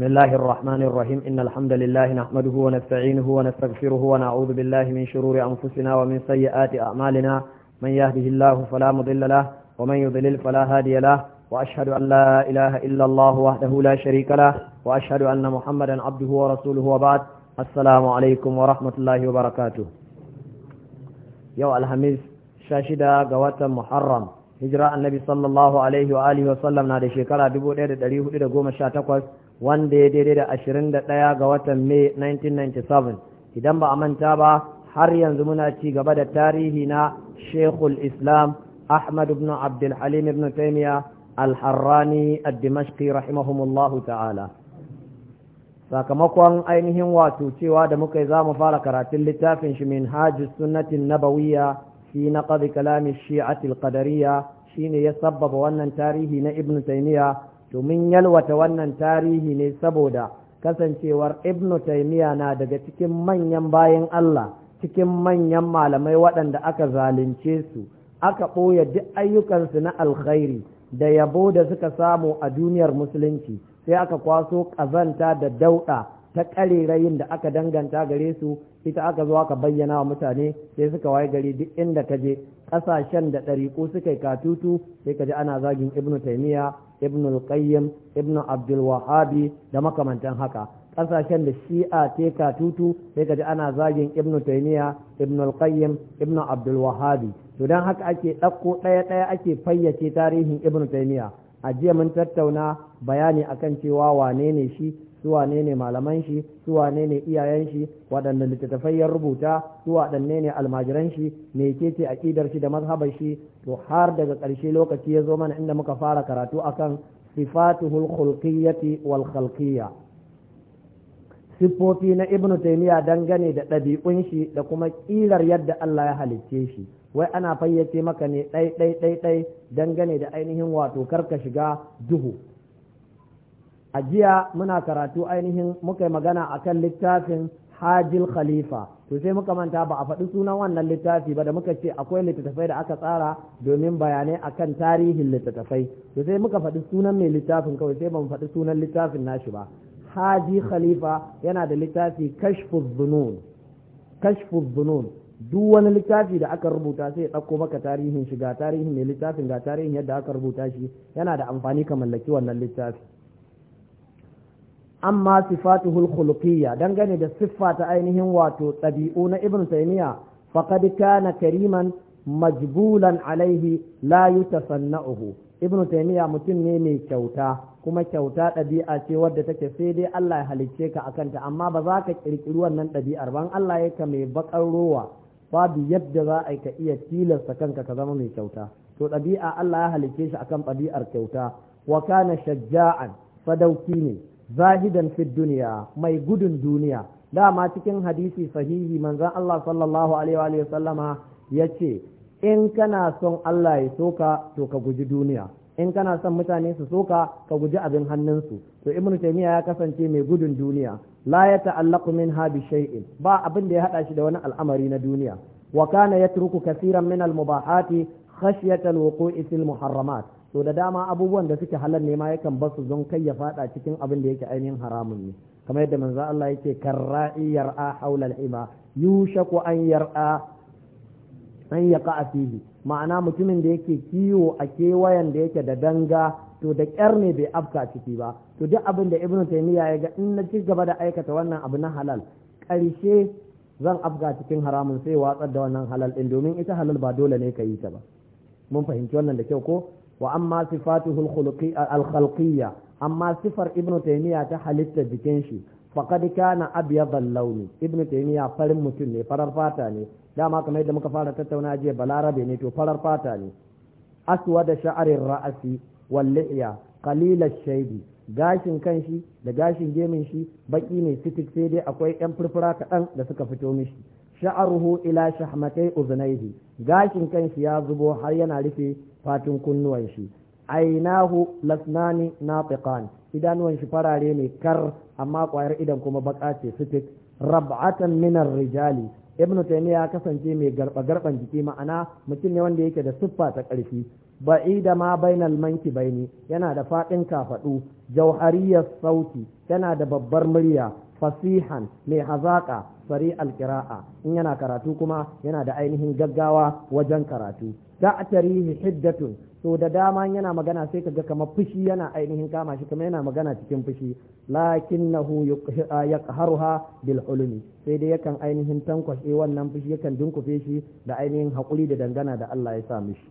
بسم الله الرحمن الرحيم إن الحمد لله نحمده ونستعينه ونستغفره ونعوذ بالله من شرور أنفسنا ومن سيئات أعمالنا من يهده الله فلا مضل له ومن يضلل فلا هادي له وأشهد أن لا إله إلا الله وحده لا شريك له وأشهد أن محمدا عبده ورسوله وبعد السلام عليكم ورحمة الله وبركاته يوم الخميس شاشدة قوات محرم هجرة النبي صلى الله عليه وآله وسلم نادي شكرا دبو دير دريه دير قوم الشاتقوس wanda ya daidai da ɗaya ga watan Mai 1997 idan ba a manta ba har yanzu muna ci gaba da tarihi na shekul Islam Ahmad ibn Abdul ibn Taymiyyah Al-Harrani rahimahumullahu ta'ala sakamakon ainihin wato cewa da muka yi za mu fara karatun littafin shi min hajji sunnatin nabawiyya fi na ƙazi kalamin shi'atil ƙadariya shine ya sabbaba wannan tarihi na ibn taymiya to yalwata wannan tarihi ne saboda kasancewar ibnu taimiya na daga cikin manyan bayan Allah cikin manyan malamai waɗanda aka zalunce su aka ɓoye duk ayyukansu na alkhairi da yabo da suka samu a duniyar musulunci sai aka kwaso ƙazanta da dauɗa ta ƙarerayin da aka danganta gare su ita aka zo aka bayyana wa mutane sai suka waye gari duk inda ka je ƙasashen da ɗariƙu suka yi katutu sai ka ji ana zagin ibnu taimiya ibn al-qayyim ibn abdul wahabi da makamantan haka kasashen da shi'a teka ka tutu sai kaji ana zagin ibn taymiya ibn al-qayyim ibn abdul wahabi to dan haka ake ɗauko ɗaya ɗaya ake fayyace tarihin ibn taymiya a jiya mun tattauna bayani akan cewa wane ne shi su wane ne malaman shi su wane ne iyayen shi waɗanda littattafai ya rubuta su waɗanne ne almajiran shi me ke ce aƙidar shi da mazhabar shi to har daga ƙarshe lokaci ya zo mana inda muka fara karatu akan sifatuhul khulqiyyati wal khalqiyya Sifofi na ibnu taymiya dangane da ɗabi'un shi da kuma ƙilar yadda Allah ya halicce shi wai ana fayyace maka ne ɗai ɗai ɗai ɗai dangane da ainihin wato karka shiga duhu a jiya muna karatu ainihin muka yi magana akan littafin hajil khalifa to sai muka manta ba a faɗi sunan wannan littafi ba da muka ce akwai littattafai da aka tsara domin bayanai akan tarihin littattafai to sai muka faɗi sunan mai littafin kawai sai ban faɗi sunan littafin nashi ba haji khalifa yana da littafi kashfu zunun duk wani littafi da aka rubuta sai ya ɗauko maka tarihin shiga tarihin mai littafin ga tarihin yadda aka rubuta shi yana da amfani ka mallaki wannan littafi amma sifatuhul khuluqiyya dangane da siffa ta ainihin wato ɗabi'u na ibn taymiya faqad kana kariman majbulan alaihi la yutasanna'uhu ibn taymiya mutum ne mai kyauta kuma kyauta ɗabi'a ce wadda take sai dai Allah ya halicce ka akan ta amma ba za ka kirkiri wannan ɗabi'ar ban Allah ya ka mai bakar rowa babu yadda za a ka iya tilasta kanka ka zama mai kyauta to ɗabi'a Allah ya halicce shi akan ɗabi'ar kyauta wa kana shajja'an sadauki ne zahidan fid duniya mai gudun duniya dama cikin hadisi sahihi manzon Allah sallallahu alaihi wa sallama in kana son Allah ya soka to ka guji duniya in kana son mutane su soka ka guji abin hannunsu to ibnu taymiya ya kasance mai gudun duniya la ya ta'allaqu minha bi shay'in ba abin da ya hada shi da wani al'amari na duniya wa kana yatruku kaseeran min al-mubahati khashyata al-wuqu'i fil muharramat so da dama abubuwan da suke halar nema ma yakan basu don kai ya fada cikin abin da yake ainihin haramun ne kamar yadda manzo Allah yake karra'i yar'a haula al-ima yushaku an yar'a an yaqa fihi ma'ana mutumin da yake kiwo a kewayen da yake da danga to da kyar ne bai afka ciki ba to duk abin da ibnu taymiya ya ga in na ci gaba da aikata wannan abu na halal karshe zan afka cikin haramun sai watsar da wannan halal din domin ita halal ba dole ne ka yi ta ba mun fahimci wannan da kyau ko wa amma sifatuhu al-khalqiyya amma sifar ibnu taymiya ta halitta jikin shi faqad kana abyadan launi ibnu taymiya farin mutum ne farar fata ne dama kamar yadda muka fara tattauna jiya balarabe ne to farar fata ne aswa da sha'arin ra'asi wal li'ya qalil ash-shaybi gashin kanshi da gashin gemin shi baki ne sitik sai dai akwai yan furfura kaɗan da suka fito mishi sha'aruhu ila shahmatai uzunaihi gashin kanshi ya zubo har yana rufe fatin kunnuwan shi ainahu lasnani natiqan idanuwan shi farare ne kar amma kwayar idan kuma baka ce fitik rab'atan minar rijali ibnu taymiya ya kasance mai garba garban jiki ma'ana mutum ne wanda yake da siffa ta karfi ba'ida ma bainal manki baini yana da fadin kafadu jauhariyar sauti yana da babbar murya fasihan mai hazaka sari alkira'a in yana karatu kuma yana da ainihin gaggawa wajen karatu ta'tarihi hiddatun so da dama yana magana sai kaga kamar fushi yana ainihin kama shi kamar yana magana cikin fushi lakinnahu yaqharuha bil ulumi sai dai yakan ainihin tankwashe wannan fushi yakan dunkufe shi da ainihin haƙuri da dangana da Allah ya sa mishi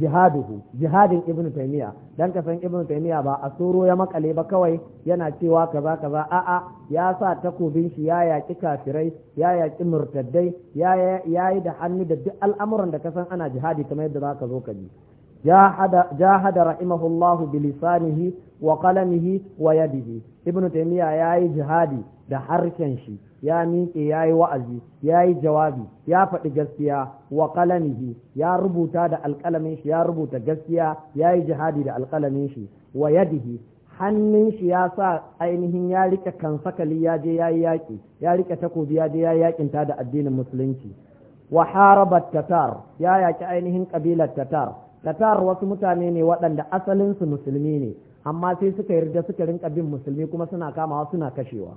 jihaduhu jihadin ibnu taymiya dan ka san ibnu taymiya ba a soro ya makale ba kawai yana cewa kaza kaza a'a ya sa takobin shi ya yaki kafirai ya yaki murtaddai ya yayi da hannu da duk al'amuran da ka san ana jihadi kamar yadda zaka zo ka ji jahada jahada rahimahullahu bi lisanihi wa qalamihi wa yadihi ibnu taymiya yayi jihadi da harshen shi ya miƙe ya yi wa'azi ya yi jawabi ya faɗi gaskiya wa ƙalamihi ya rubuta da alƙalamin shi ya rubuta gaskiya ya yi jihadi da alƙalamin shi wa yadihi hannun shi ya sa ainihin ya rike kansakali ya je ya yi yaƙi ya rike takobi ya je ya yi yaƙin ta da addinin musulunci wa harabat tatar ya yaƙi ainihin ƙabilar tatar tatar wasu mutane ne waɗanda asalinsu musulmi ne amma sai suka yarda suka rinka bin musulmi kuma suna kamawa suna kashewa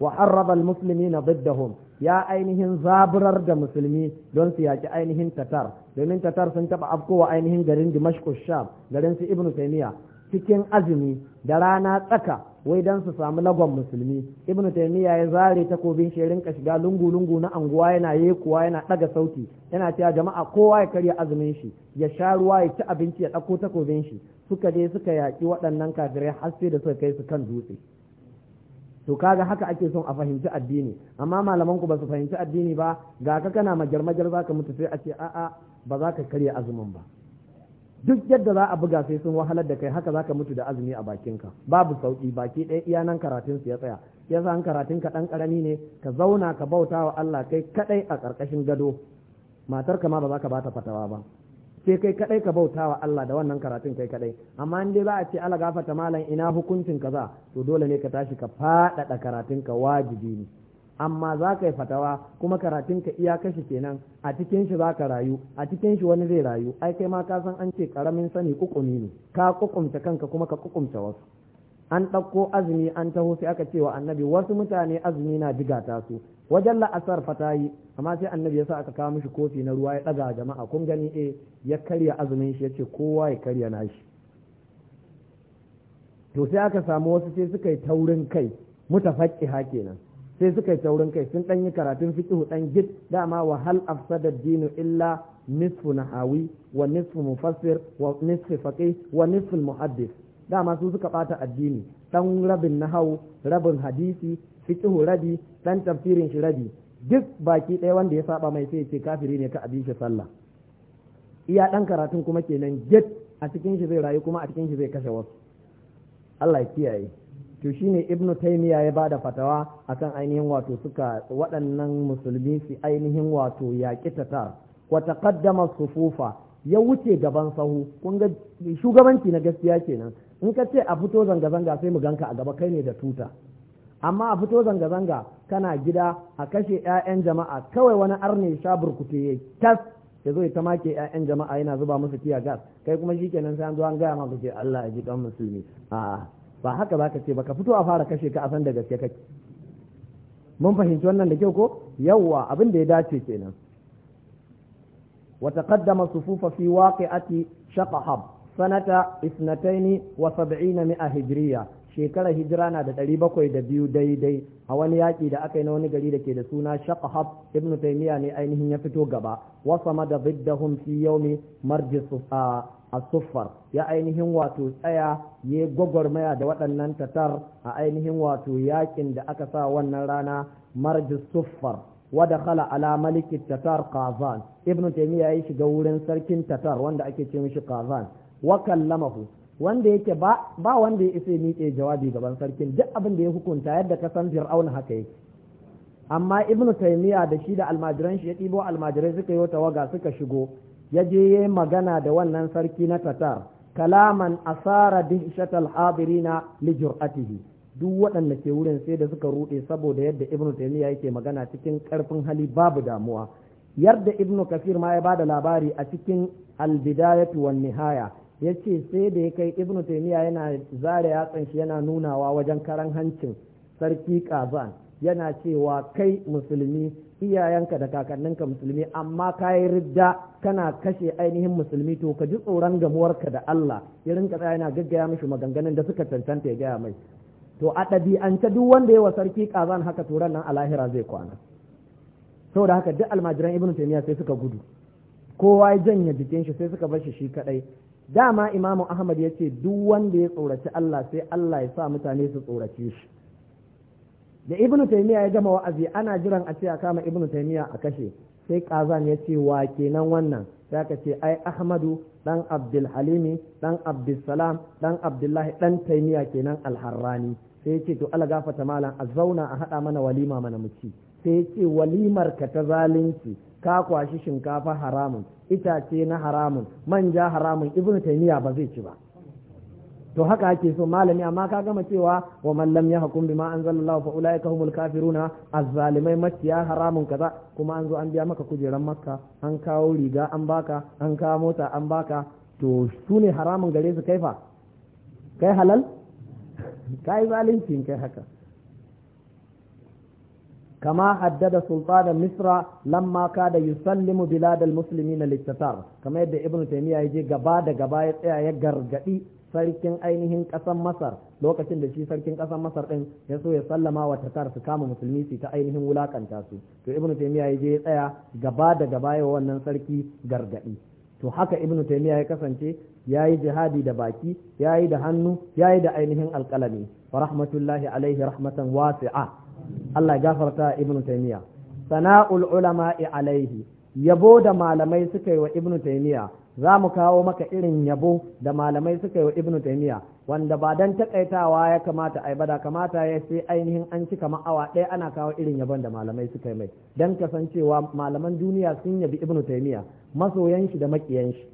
wa harraba muslimina diddahum ya ainihin zaburar da musulmi don su yaki ainihin tatar domin tatar sun taba wa ainihin garin dimashq sham garin su ibnu taymiya cikin azumi da rana tsaka wai don su samu lagon musulmi ibnu taymiya ya zare takobin shi rinka shiga lungu lungu na anguwa yana yekuwa yana daga sauti yana cewa jama'a kowa ya karya azumin shi ya sha ruwa ya ci abinci ya dauko takobin shi suka je suka yaki waɗannan kafirai har sai da suka kai su kan dutse to kaga haka ake son a fahimci addini amma malaman ku ba su fahimci addini ba ga ka kana majar za zaka mutu sai a ce a'a ba za ka karya azumin ba duk yadda za a buga sai sun wahalar da kai haka za ka mutu da azumi a bakinka babu sauki baki ɗaya iya nan karatun su ya tsaya ya san karatun ka ɗan ƙarami ne ka zauna ka bauta wa Allah kai kaɗai a ƙarƙashin gado matar ka ma ba za ka bata fatawa ba sai kai kadai ka bauta wa Allah da wannan karatun kai kadai amma in dai za a ce Allah gafarta malam ina hukuncin kaza to dole ne ka tashi ka faɗaɗa karatun ka wajibi ne amma za ka yi fatawa kuma karatun ka iya kashi kenan a cikin shi za ka rayu a cikin shi wani zai rayu ai kai ma ka san an ce karamin sani kukumi ne ka kukumta kanka kuma ka kukumta wasu an ɗauko azumi an taho sai aka cewa annabi wasu mutane azumi na diga ta su wajen la'asar fata yi amma sai annabi ya sa aka kawo mishi kofi na ruwa ya ɗaga jama'a kun gani e ya karya azumin shi ya ce kowa ya karya nashi to sai aka samu wasu sai suka yi taurin kai mutafaqqiha kenan sai suka yi taurin kai sun ɗan yi karatun fiqhu ɗan gid dama wa hal afsada dinu illa nisfu nahawi wa nisfu mufassir wa nisfu faqih wa nisfu muhaddis dama su suka bata addini dan rabin nahau rabin hadisi fiqhu rabi dan tafsirin shi rabi duk baki ɗaya wanda ya saba mai sai ce kafiri ne ka abin shi sallah iya dan karatun kuma kenan get a cikin shi zai rayu kuma a cikin shi zai kashe wasu Allah ya kiyaye to shine ibnu taymiya ya bada fatawa akan ainihin wato suka waɗannan musulmi su ainihin wato ya kitata wa taqaddama sufufa ya wuce gaban sahu kun ga shugabanci na gaskiya kenan in ka ce a fito zanga-zanga sai mu ganka a gaba kai ne da tuta amma a fito zanga-zanga kana gida a kashe 'ya'yan jama'a kawai wani arne sha burkute ya tas ya zo ya ta make 'ya'yan jama'a yana zuba musu tiya gas kai kuma shi kenan sai an zo an gaya maka ce Allah ya ji musulmi a'a ba haka za ka ce baka fito a fara kashe ka a san da gaske kake mun fahimci wannan da kyau ko yawwa abin da ya dace kenan wa taqaddama sufufa fi waqi'ati shaqahab sanata isnataini wa sab'ina mi'a hijriya shekarar hijira na da ɗari bakwai da biyu daidai a wani yaƙi da aka yi na wani gari da ke da suna shakhab ibn taymiya ne ainihin ya fito gaba wasama da biddahum fi yawmi marji as-suffar ya ainihin wato tsaya ya gwagwarmaya da waɗannan tatar a ainihin wato yaƙin da aka sa wannan rana marji suffar ودخل على ملك التتار قازان ابن تيمية shiga wurin سركن تتار wanda ake ce تيمشي قازان wa kallamahu wanda yake ba ba wanda ya isa miƙe jawabi gaban sarkin duk abin da ya hukunta yadda ka san fir'auna haka yake amma ibnu taymiya da shi da almajiran shi ya ɗibo almajirai suka yi tawaga suka shigo ya je ya magana da wannan sarki na tatar kalaman asara shatal hadirina li jur'atihi duk waɗanda ke wurin sai da suka ruɗe saboda yadda ibnu taymiya yake magana cikin ƙarfin hali babu damuwa yadda ibnu kafir ma ya bada labari a cikin albidayatu wan nihaya ya ce sai da ya kai ibnu taimiyya yana zare yatsan shi yana nunawa wajen karan hancin sarki kazan yana cewa kai musulmi iyayenka da kakanninka musulmi amma ka yi ridda kana kashe ainihin musulmi to ka ji tsoron gamuwarka da Allah ya rinka tsaya yana gaggaya mishi maganganun da suka cancanta ya gaya mai to a ɗabi'ance duk wanda ya wa sarki kazan haka turan nan a zai kwana saboda haka duk almajiran ibnu taymiya sai suka gudu kowa ya janye jikin shi sai suka bar shi shi kadai dama imamu ahmad ya ce duk wanda ya tsoraci Allah sai Allah ya sa mutane su tsorace shi da ibn taymiya ya gama wa'azi ana jiran a ce a kama ibn taymiya a kashe sai kazan ya ce wa kenan wannan sai aka ce ai ahmadu dan abdul halimi dan abdul salam dan abdullahi dan taymiya kenan alharrani sai ce to allah gafata malam a zauna a haɗa mana walima mana mu ci sai ya ce walimar ka ta zalunci ka kwashi shinkafa haramun itace na haramun manja haramun ibnu taymiya ba zai ci ba to haka ake so malami amma ka gama cewa wa man lam yahkum bima anzalallahu fa ulaika humul kafiruna azzalimai maciya haramun kaza kuma an zo an biya maka kujeran makka an kawo riga an baka an kawo mota an baka to su haramun gare su kaifa kai halal kai zalincin kai haka kama haddada كما هدد سلطان مصر لما كاد يسلم بلاد المسلمين للتتار كما يدعي ابن تيمية يجي قبا دا قبا ya gargaɗi sarkin ainihin ƙasar masar lokacin da shi sarkin ƙasar masar ɗin ya so ya sallama wa su kama musulmi su ta ainihin wulakanta su to ibn taymiya ya je ya tsaya gaba da gaba ya wannan sarki gargaɗi to haka ibn taymiya ya kasance ya yi jihadi da baki ya yi da hannu ya da ainihin alƙalami wa rahmatullahi alaihi rahmatan wasi'a Allah gafarta ibnu Taymiyyah sana'ul ulama'i alaihi yabo da malamai suka yi wa ibnu Taymiyyah za mu kawo maka irin yabo da malamai suka yi wa ibnu Taymiyyah wanda ba dan takaitawa ya kamata ai ba da kamata ya sai ainihin an cika ma'awa ɗaya ana kawo irin yabon da malamai suka yi mai dan kasancewa malaman duniya sun yabi ibnu Taymiyyah masoyan shi da makiyan shi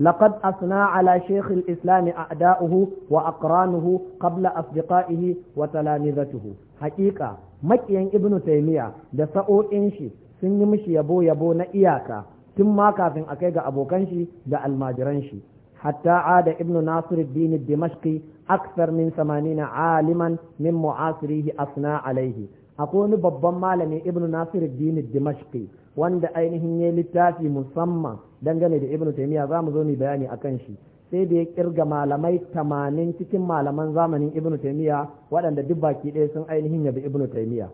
لقد أثنى على شيخ wa أعداؤه kabla قبل أصدقائه وتلامذته حقيقة maƙiyan ابن تيمية da sa'o'in shi sun yi mishi yabo yabo na iyaka tun ma kafin a kai ga abokan shi da almajiran shi hatta ada ibnu nasiruddin dimashqi akthar min 80 aliman min mu'asirihi asna alaihi akwai wani babban malami ibnu nasiruddin dimashqi wanda ainihin ya littafi musamman dangane da ibnu taymiya za mu zo mu bayani a kan shi sai da ya kirga malamai tamanin cikin malaman zamanin ibnu taymiya waɗanda duk baki ɗaya sun ainihin yabi ibnu taymiya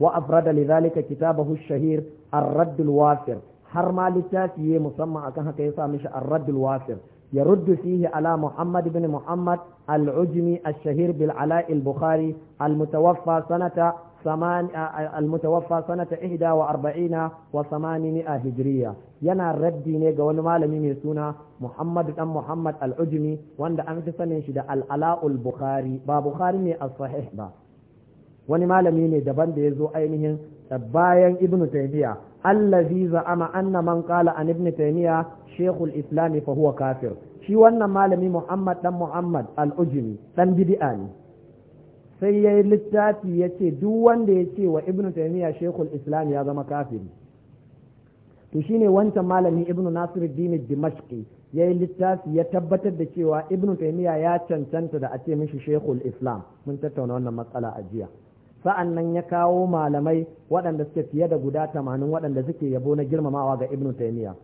wa afrada lidhalika kitabahu shahir ar-radd al-wafir har ma littafi ya musamman akan haka ya sa mishi arraddul wasir ya ruddu fihi ala muhammad bin muhammad al-ujmi ash-shahir bil ala al-bukhari al sanata saman al-mutawaffa sanata wa 800 hijriya yana raddi ne ga wani malami mai suna muhammad dan muhammad al-ujmi wanda an fi sanin shi da al-ala ba bukhari ne as ba wani malami ne daban da ya zo ainihin bayan ibnu taymiya allazi za'ama anna man qala an ibnu taymiya shaykhul islam fa huwa kafir shi wannan malami muhammad dan muhammad al-ujmi dan bid'a ne sai yayi littafi yace duk wanda yace wa ibnu taymiya shaykhul islam ya zama kafiri to shine wancan malami ibnu nasiruddin dimashqi ya yi littafi ya tabbatar da cewa ibnu taymiya ya cancanta da a ce mishi shekul islam mun tattauna wannan matsala a jiya sa'an nan ya kawo malamai waɗanda suke fiye da guda tamanin waɗanda suke yabo na girmamawa ga ibnu taymiya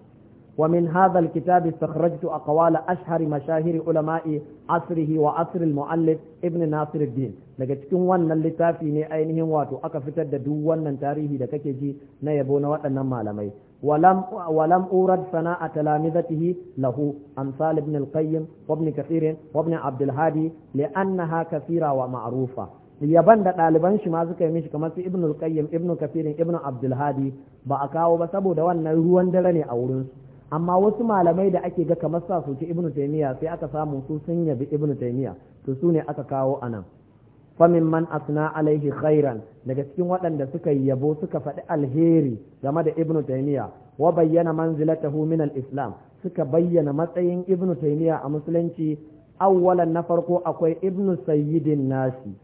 wa min hadha alkitab istakhrajtu aqwala ashhari mashahiri ulama'i asrihi wa asr almu'allif ibnu nasir din daga cikin wannan littafi ne ainihin wato aka fitar da duk wannan tarihi da kake ji na yabo na waɗannan malamai ولم ولم أورد ثناء تلامذته له أمثال ابن القيم abdulhadi كثير وابن عبد الهادي لأنها كثيرة ومعروفة yaban da ɗaliban shi ma suka yi mishi kamar su ibnul qayyim ibnu kafirin ibnu abdulhadi ba a kawo ba saboda wannan ruwan dare ne a wurin amma wasu malamai da ake ga kamar sa su ci ibnu taymiya sai aka samu su sun yabi ibnu taymiya to su ne aka kawo anan min man asna alaihi khairan daga cikin waɗanda suka yabo suka faɗi alheri game da ibnu taymiya wa bayyana manzilatahu min al-islam suka bayyana matsayin ibnu taymiya a musulunci awwalan na farko akwai ibnu sayyidin nasi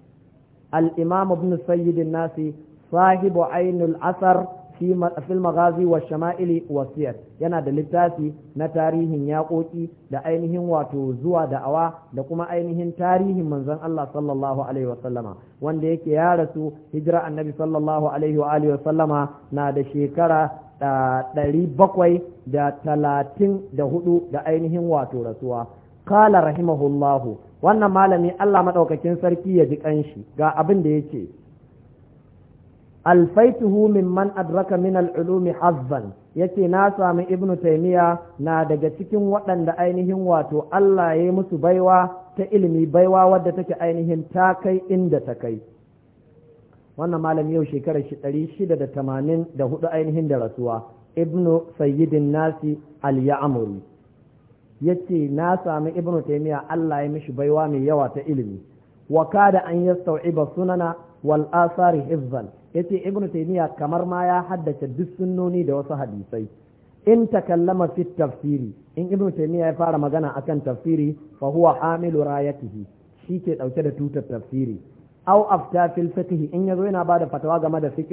al-imam ibn sayyid nasi sahibu ainul asar fi magazi wa shama'ili wa yana da littafi na tarihin yaƙoƙi da ainihin wato zuwa da'awa da kuma ainihin tarihin manzon Allah sallallahu wanda yake ya rasu hijira annabi sallallahu na da shekara ɗari bakwai da talatin da hudu da ainihin wato rasuwa kala rahimahullahu wannan malami Allah maɗaukakin sarki ya ji ƙanshi ga abin da yake alfaituhu mimman adraka min al'ulumi hazzan yake na sami Ibnu taymiya na daga cikin waɗanda ainihin wato Allah ya yi musu baiwa ta ilimi baiwa wadda take ainihin ta kai inda ta kai wannan malami yau shekarar shi ɗari shida da tamanin da hudu ainihin da rasuwa ibnu sayyidin nasi al-ya'amuri yace na sami ibnu taymiya Allah ya mishi baiwa mai yawa ta ilimi wa kada an yastau'iba sunana wal asari hifzan yace ibnu taymiya kamar ma ya haddace duk sunnoni da wasu hadisai in takallama fi tafsiri in ibnu taymiya ya fara magana akan tafsiri fa huwa amilu rayatihi shi ke dauke da tutar tafsiri aw afta fil fiqh in yazo yana bada fatawa game da fiqh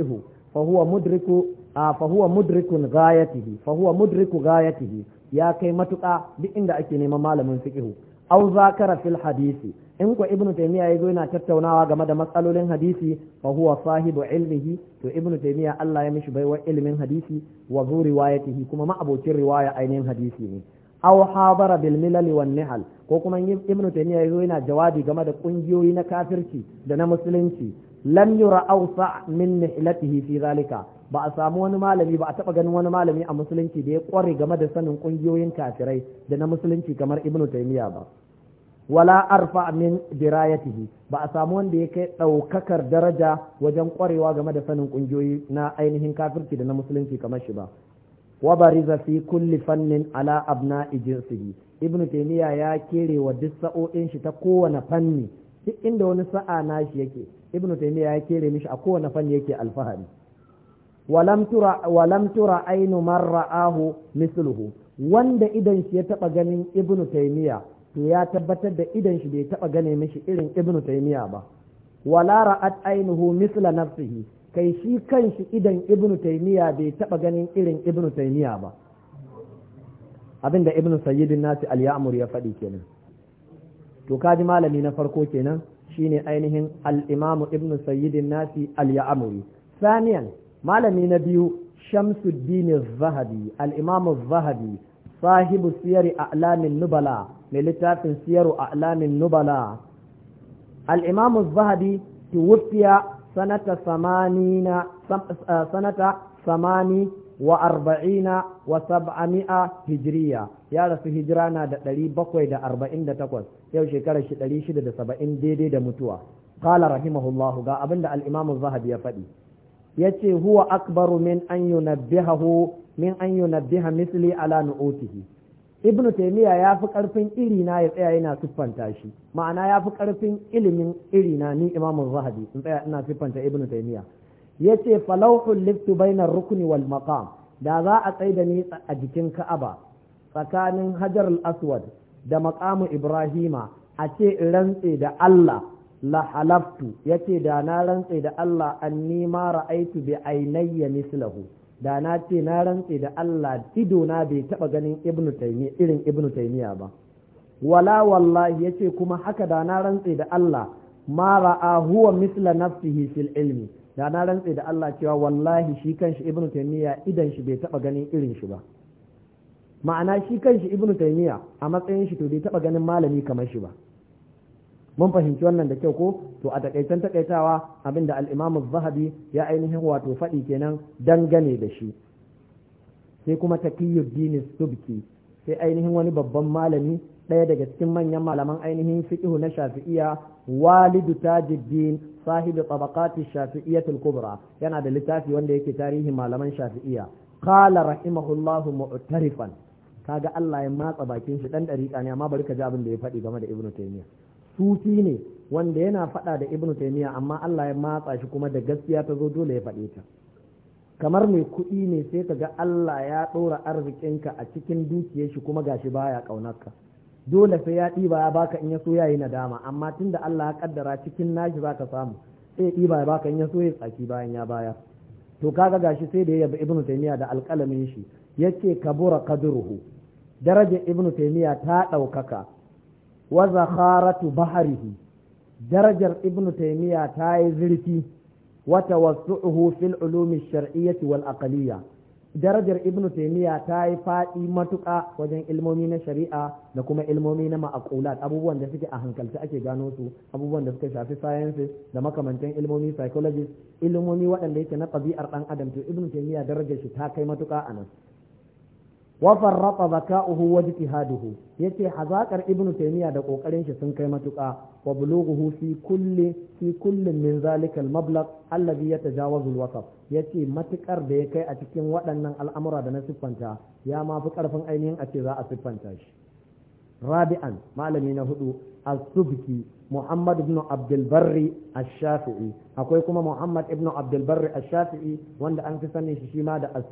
fa huwa mudriku fa huwa mudrikun ghayatihi fa huwa mudriku ghayatihi ya kai matuƙa duk inda ake neman malamin fiqhu aw zakara fil hadisi in ko ibnu taymiya yazo yana tattaunawa game da matsalolin hadisi fa huwa sahibu ilmihi to ibnu taymiya Allah ya mishi baiwa ilimin hadisi wa zu riwayatihi kuma ma abokin riwaya ainihin hadisi ne aw habara bil milal wan nihal ko kuma ibnu taymiya yazo yana jawabi game da kungiyoyi na kafirci da na musulunci lam yura awsa min nihlatihi fi zalika ba a samu wani malami ba a taba ganin wani malami a musulunci da ya kware game da sanin kungiyoyin kafirai da na musulunci kamar ibnu taymiya ba wala arfa min dirayatihi ba a samu wanda ya kai ɗaukakar daraja wajen kwarewa game da sanin kungiyoyi na ainihin kafirci da na musulunci kamar shi ba wa bariza fi kulli fannin ala abna jinsihi ibnu taymiya ya kere wa duk sa'o'in shi ta kowane fanni duk inda wani sa'a nashi yake ibnu taymiya ya kere mishi a kowane fanni yake alfahari Walamtura tura walam tura ainu misluhu wanda idan shi ya taba ganin ibnu taymiya to ya tabbatar da idan shi bai taba gane mishi irin ibnu taymiya ba wala ra'at ainuhu misla nafsihi kai shi kanshi idan ibnu taymiya bai taba ganin irin ibnu taymiya ba abinda ibnu sayyidin nasi al-ya'mur ya faɗi kenan to kaji malami na farko kenan shine ainihin al-imamu ibnu sayyidin nasi al yamur saniyan malami na biyu shamsuddin zahabi al zahabi sahibu siyari a'lamin nubala mai littafin siyaru a'lamin nubala al zahabi tuwfiya sanata uh, sanata samani wa arba'ina wa sab'ami'a hijriya ya rasu hijira na da ɗari bakwai da arba'in da takwas yau shekarar shi ɗari daidai da mutuwa qala rahimahullahu ga abinda al-imam zahabi ya faɗi yace huwa akbaru min an yunabbihahu min an yunabbiha misli ala nu'utihi ibn taymiya ya fi karfin iri na ya tsaya yana siffanta shi ma'ana ya fi karfin ilimin iri na ni imamul zahabi in tsaya ina siffanta ibn taymiya yace falawhul liftu bainar rukni wal maqam da za a da ni a jikin ka'aba tsakanin hajar al-aswad da maqamu ibrahima a ce rantse da Allah la halaftu yace da na rantse da Allah ni ma ra'aitu bi ainayya mislahu da na ce na rantse da Allah ido na bai taba ganin ibnu taymiya irin ibnu taymiya ba wala wallahi yace kuma haka da na rantse da Allah ma ra'a huwa misla nafsihi fil ilmi da na rantse da Allah cewa wallahi shi kanshi ibnu taymiya idan shi bai taba ganin irin shi ba ma'ana shi kanshi ibnu taymiya a matsayin shi to bai taba ganin malami kamar shi ba mun fahimci wannan da kyau ko to a takaitan takaitawa abinda al-Imam zahabi ya ainihin wato faɗi kenan dangane da shi sai kuma Taqiyuddin Subki sai ainihin wani babban malami ɗaya daga cikin manyan malaman ainihin fiqh na Shafi'iyya walidu tajiddin sahibi tabaqati shafi'iyyatul kubra yana da littafi wanda yake tarihi malaman shafi'iyya qala rahimahullahu mu'tarifan kaga Allah ya matsa bakin shi dan dariqa ne amma bari ka ji abin da ya faɗi game da Ibn Taymiyyah sufi ne wanda yana faɗa da ibnu taymiya amma Allah ya matsa shi kuma da gaskiya ta zo dole ya faɗe ta kamar mai kuɗi ne sai ka ga Allah ya ɗora arzikinka a cikin dukiyar shi kuma gashi baya ƙaunarka dole sai ya ɗiba ya baka in ya so yayi nadama amma tunda Allah ya kaddara cikin nashi zaka samu sai ya ɗiba ya baka in ya so ya tsaki bayan ya baya to kaga gashi sai da ya yabi ibnu taymiya da alƙalamin shi yace kabura qadruhu daraja ibnu taimiya ta ɗaukaka wa zakaratu baharihi darajar ibn taimiya ta yi zurfi wa tawassu'uhu fil ulumi shar'iyyati wal aqliyya darajar ibn taimiya ta yi faɗi matuƙa wajen ilmomi na shari'a da kuma ilmomi na ma'aƙulat abubuwan da suke a hankalta ake gano su abubuwan da suka shafi sciences da makamantan ilmomi psychologist ilmomi waɗanda yake na ɗabi'ar ɗan adam to ibn taimiya darajar shi ta kai matuƙa a nan uhu waje ki wa ya yace hazakar ibn taymiya da kokarin shi sun kai matuka wa bulughuhu fi kulli fi kullin min zalika al-mablagh alladhi yatajawazu al-wasaf yace matukar da ya kai a cikin waɗannan al'amura da na siffanta ya ma fi karfin ainihin a ce za a siffanta shi rabi'an malami na hudu السبكي محمد بن عبد البر الشافعي akwai kuma Muhammad ibn Abdul Barri shafii wanda an fi sanin shi shima da as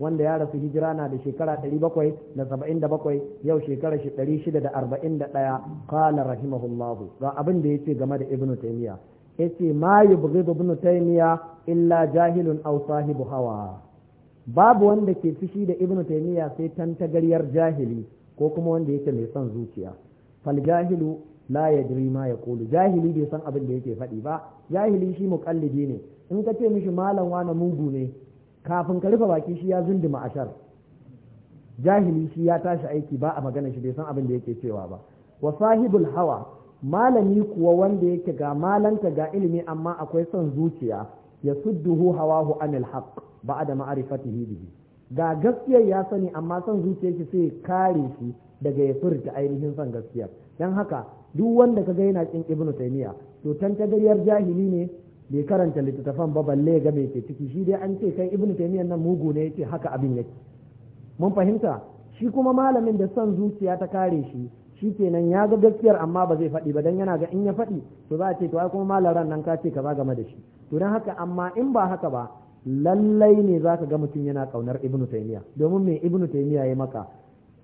wanda ya rasu hijira na da shekara 777 yau shekara 641 qala rahimahullahu ga abin da yace game da Ibn Taymiyyah yace ma yubghidu Ibn Taymiyyah illa jahilun aw sahibu hawa babu wanda ke fushi da Ibn Taymiyyah sai tantagariyar jahili ko kuma wanda yake mai son zuciya fal jahilu la yadri ma yaqulu jahili bai san abin da yake faɗi ba jahili shi muqallidi ne in ka ce mishi malam wani mugu ne kafin ka rufe baki shi ya zunduma ashar jahili shi ya tashi aiki ba a magana shi bai san abin da yake cewa ba wa sahibul hawa malami kuwa wanda yake ga malanka ga ilimi amma akwai son zuciya ya sudduhu hawahu anil haqq ba'da ma'rifatihi bihi ga gaskiyar ya sani amma son zuciyar shi sai kare shi daga ya furta ainihin son gaskiya don haka duk wanda kaga yana kin ibnu taimiya to ta gariyar jahili ne bai karanta littattafan ba balle ga mai ke ciki shi dai an ce kai ibnu taimiyan nan mugu ne yace haka abin yake mun fahimta shi kuma malamin da son zuciya ta kare shi shi kenan ya ga gaskiyar amma ba zai faɗi ba dan yana ga in ya faɗi to za a ce to ai kuma malaran nan ka ce ka ba game da shi to dan haka amma in ba haka ba lallai ne za ka ga mutum yana kaunar ibnu taimiya domin me ibnu taimiya ya maka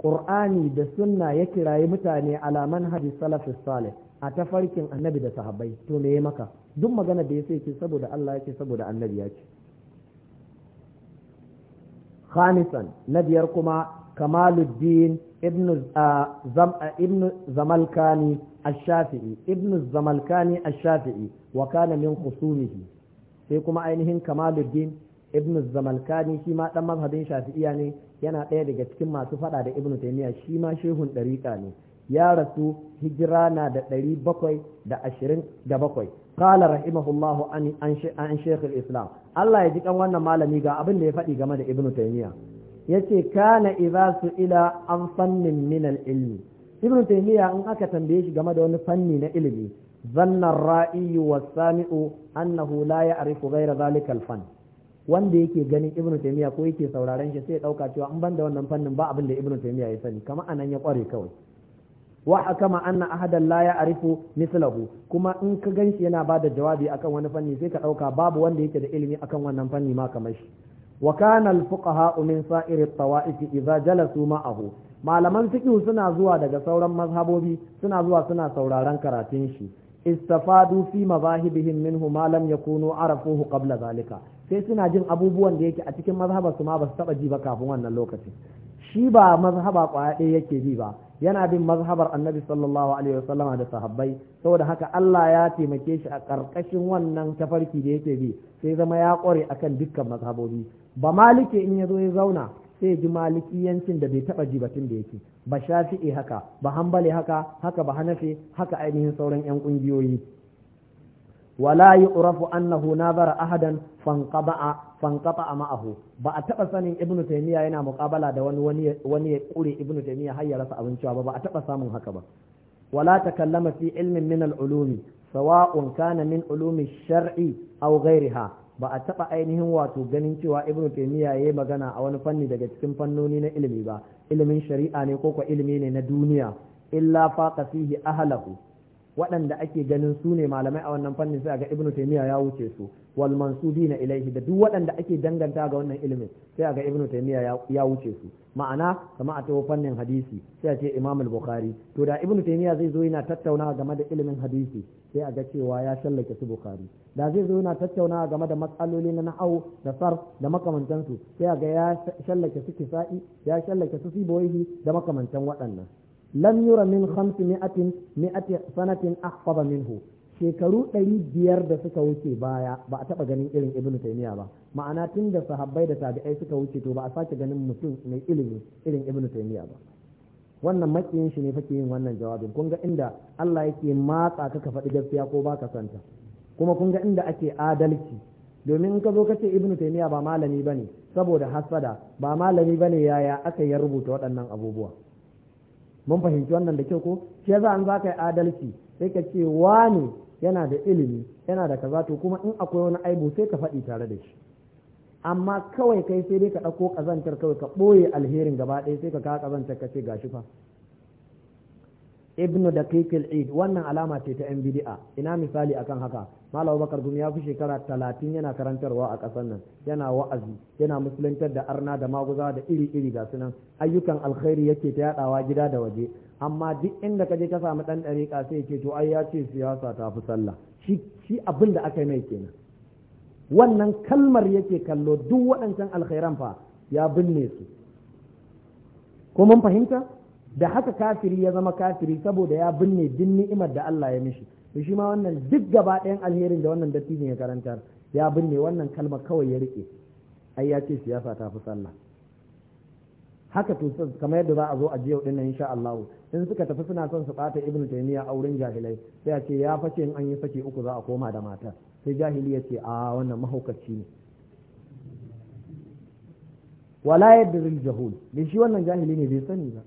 ƙur'ani da sunna ya kirayi mutane alaman hadis salafis salih a tafarkin annabi da sahabbai to me ya maka duk magana da ya sai ke saboda Allah yake saboda annabi yake khamisan na biyar kuma kamaluddin ibn ibn zamalkani ash-shafi'i ibn zamalkani ash-shafi'i wa kana min khusumihi sai kuma ainihin kamaluddin ibn zamalkani shi ma dan mazhabin shafi'iya ne yana ɗaya daga cikin masu faɗa da ibn taymiya shi ma shehun ɗariƙa ne ya rasu hijira na da ɗari bakwai da ashirin da bakwai kala rahimahullahu an shekul islam allah ya ji kan wannan malami ga abin da ya faɗi game da ibn taymiya ya ce kana idza su ila an fannin min ilmi ibn taymiya in aka tambaye shi game da wani fanni na ilimi zanna ra'iyu was sami'u annahu la ya'rifu ghayra zalika al-fann wanda yake ganin ibn taymiya ko yake sauraron shi sai ya dauka cewa in banda wannan fannin ba abin da ibn taymiya ya sani kama anan ya kware kawai wa hakama anna ahadan la ya'rifu mislahu kuma in ka ganshi yana bada jawabi akan wani fanni sai ka dauka babu wanda yake da ilimi akan wannan fanni ma kamar shi wa kana al fuqaha min sa'ir al tawa'if idza jalasu ma'ahu malaman fiqh suna zuwa daga sauran mazhabobi suna zuwa suna sauraron karatun shi istafadu fi mazahibihim minhu ma lam yakunu arafuhu qabla zalika sai suna jin abubuwan da yake a cikin mazhabar su ma ba su taba ji ba kafin wannan lokacin shi ba mazhaba kwaya ɗaya yake bi ba yana bin mazhabar annabi sallallahu alaihi wasallama da sahabbai saboda haka Allah ya taimake shi a ƙarƙashin wannan tafarki da yake bi sai zama ya ƙware akan dukkan mazhabobi ba malike in ya zo ya zauna sai ji malikiyancin da bai taba ji batun da yake ba shafi'i haka ba hanbali haka haka ba hanafi haka ainihin sauran 'yan ƙungiyoyi wala يعرف annahu nazara ahadan fanqaba فانقطع ma'ahu ba a taɓa sanin ibnu taymiya yana muqabala da wani wani wani ya kure ibnu taymiya har ya rasa abin cewa ba ba a taba samun haka ba wala takallama fi ilmin min al-ulumi sawa'un kana min ulumi shar'i aw ghayriha ba a taɓa ainihin wato ganin cewa ibnu taymiya yayi magana a wani fanni daga cikin fannoni na ilimi ba ilimin shari'a ne ko ilimi ne na duniya illa faqa fihi ahlahu waɗanda ake ganin su ne malamai a wannan fannin sai ga ibnu taymiya ya wuce su wal mansubina ilaihi da duk waɗanda ake danganta ga wannan ilimin sai ga ibnu taymiya ya wuce su ma'ana kama a tawo fannin hadisi sai a ce imam al-bukhari to da ibnu taymiya zai zo yana tattaunawa game da ilimin hadisi sai a ga cewa ya shallake su bukhari da zai zo yana tattaunawa game da matsaloli na nahau da sarf da makamantansu sai a ga ya shallake su kisa'i ya shallake su siboyi da makamantan waɗannan lam yura min 500 mi'ati sanatin ahfaba minhu shekaru ɗari biyar da suka wuce baya ba a taɓa ganin irin ibnu taymiya ba ma'ana tun da sahabbai da tabi'ai suka wuce to ba a sake ganin mutum mai ilimi irin ibnu taymiya ba wannan makiyin shi ne fake yin wannan jawabin kun ga inda Allah yake matsa ka ka faɗi gaskiya ko ba ka santa kuma kun ga inda ake adalci domin in ka zo ka ce ibnu taymiya ba malami bane saboda hasada ba malami bane yaya aka yi rubuta waɗannan abubuwa mun fahimci wannan da kyau ko shi yasa an zaka yi adalci sai ka ce wani yana da ilimi yana da kaza to kuma in akwai wani aibu sai ka faɗi tare da shi amma kawai kai sai dai ka ɗauko ƙazantar kawai ka ɓoye alherin gaba ɗaya sai ka kawo ƙazantar ka ce gashi fa ibnu da al-eid wannan alama ce ta yan bidi'a ina misali akan haka malam bakar gumi ya fi shekara talatin yana karantarwa a ƙasar nan yana wa'azi yana musulantar da arna da maguza da iri-iri ga sunan ayyukan alkhairi yake ta yadawa gida da waje amma duk inda ka je ka samu dan dariƙa sai ce to ai ya ce siyasa ta fi sallah shi shi abin da aka yi mai kenan wannan kalmar yake kallo duk waɗancan alkhairan fa ya binne su ko mun fahimta da haka kafiri ya zama kafiri saboda ya binne duk ni'imar da Allah ya mishi to shi ma wannan duk gaba ɗayan alherin da wannan dattijin ya karanta ya binne wannan kalma kawai ya rike ai ya ce siyasa ta fi sallah haka to kamar yadda za a zo a jiya ɗin nan insha Allah in suka tafi suna son su bata ibn taymiya auren jahilai sai ya ce ya fashe in an yi sake uku za a koma da mata sai jahili ya ce a wannan mahaukaci ne wala yadda zai jahul da shi wannan jahili ne bai sani ba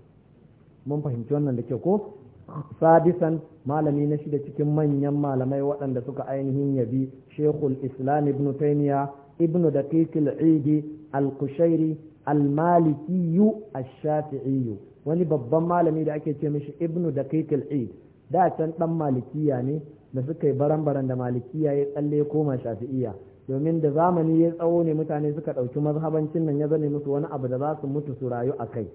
mun fahimci wannan da ke ko sadisan malami na shida cikin manyan malamai waɗanda suka ainihin yabi shekul islam ibn taymiya ibn daqiq al-idi al kushairi al malikiyu ash wani babban malami da ake ce mishi ibn daqiq al-id da can dan malikiya ne da suka yi baran-baran da malikiya ya tsalle koma shafi'iya domin da zamani ya tsawo ne mutane suka ɗauki mazhabancin nan ya zane musu wani abu da za su mutu su rayu a kai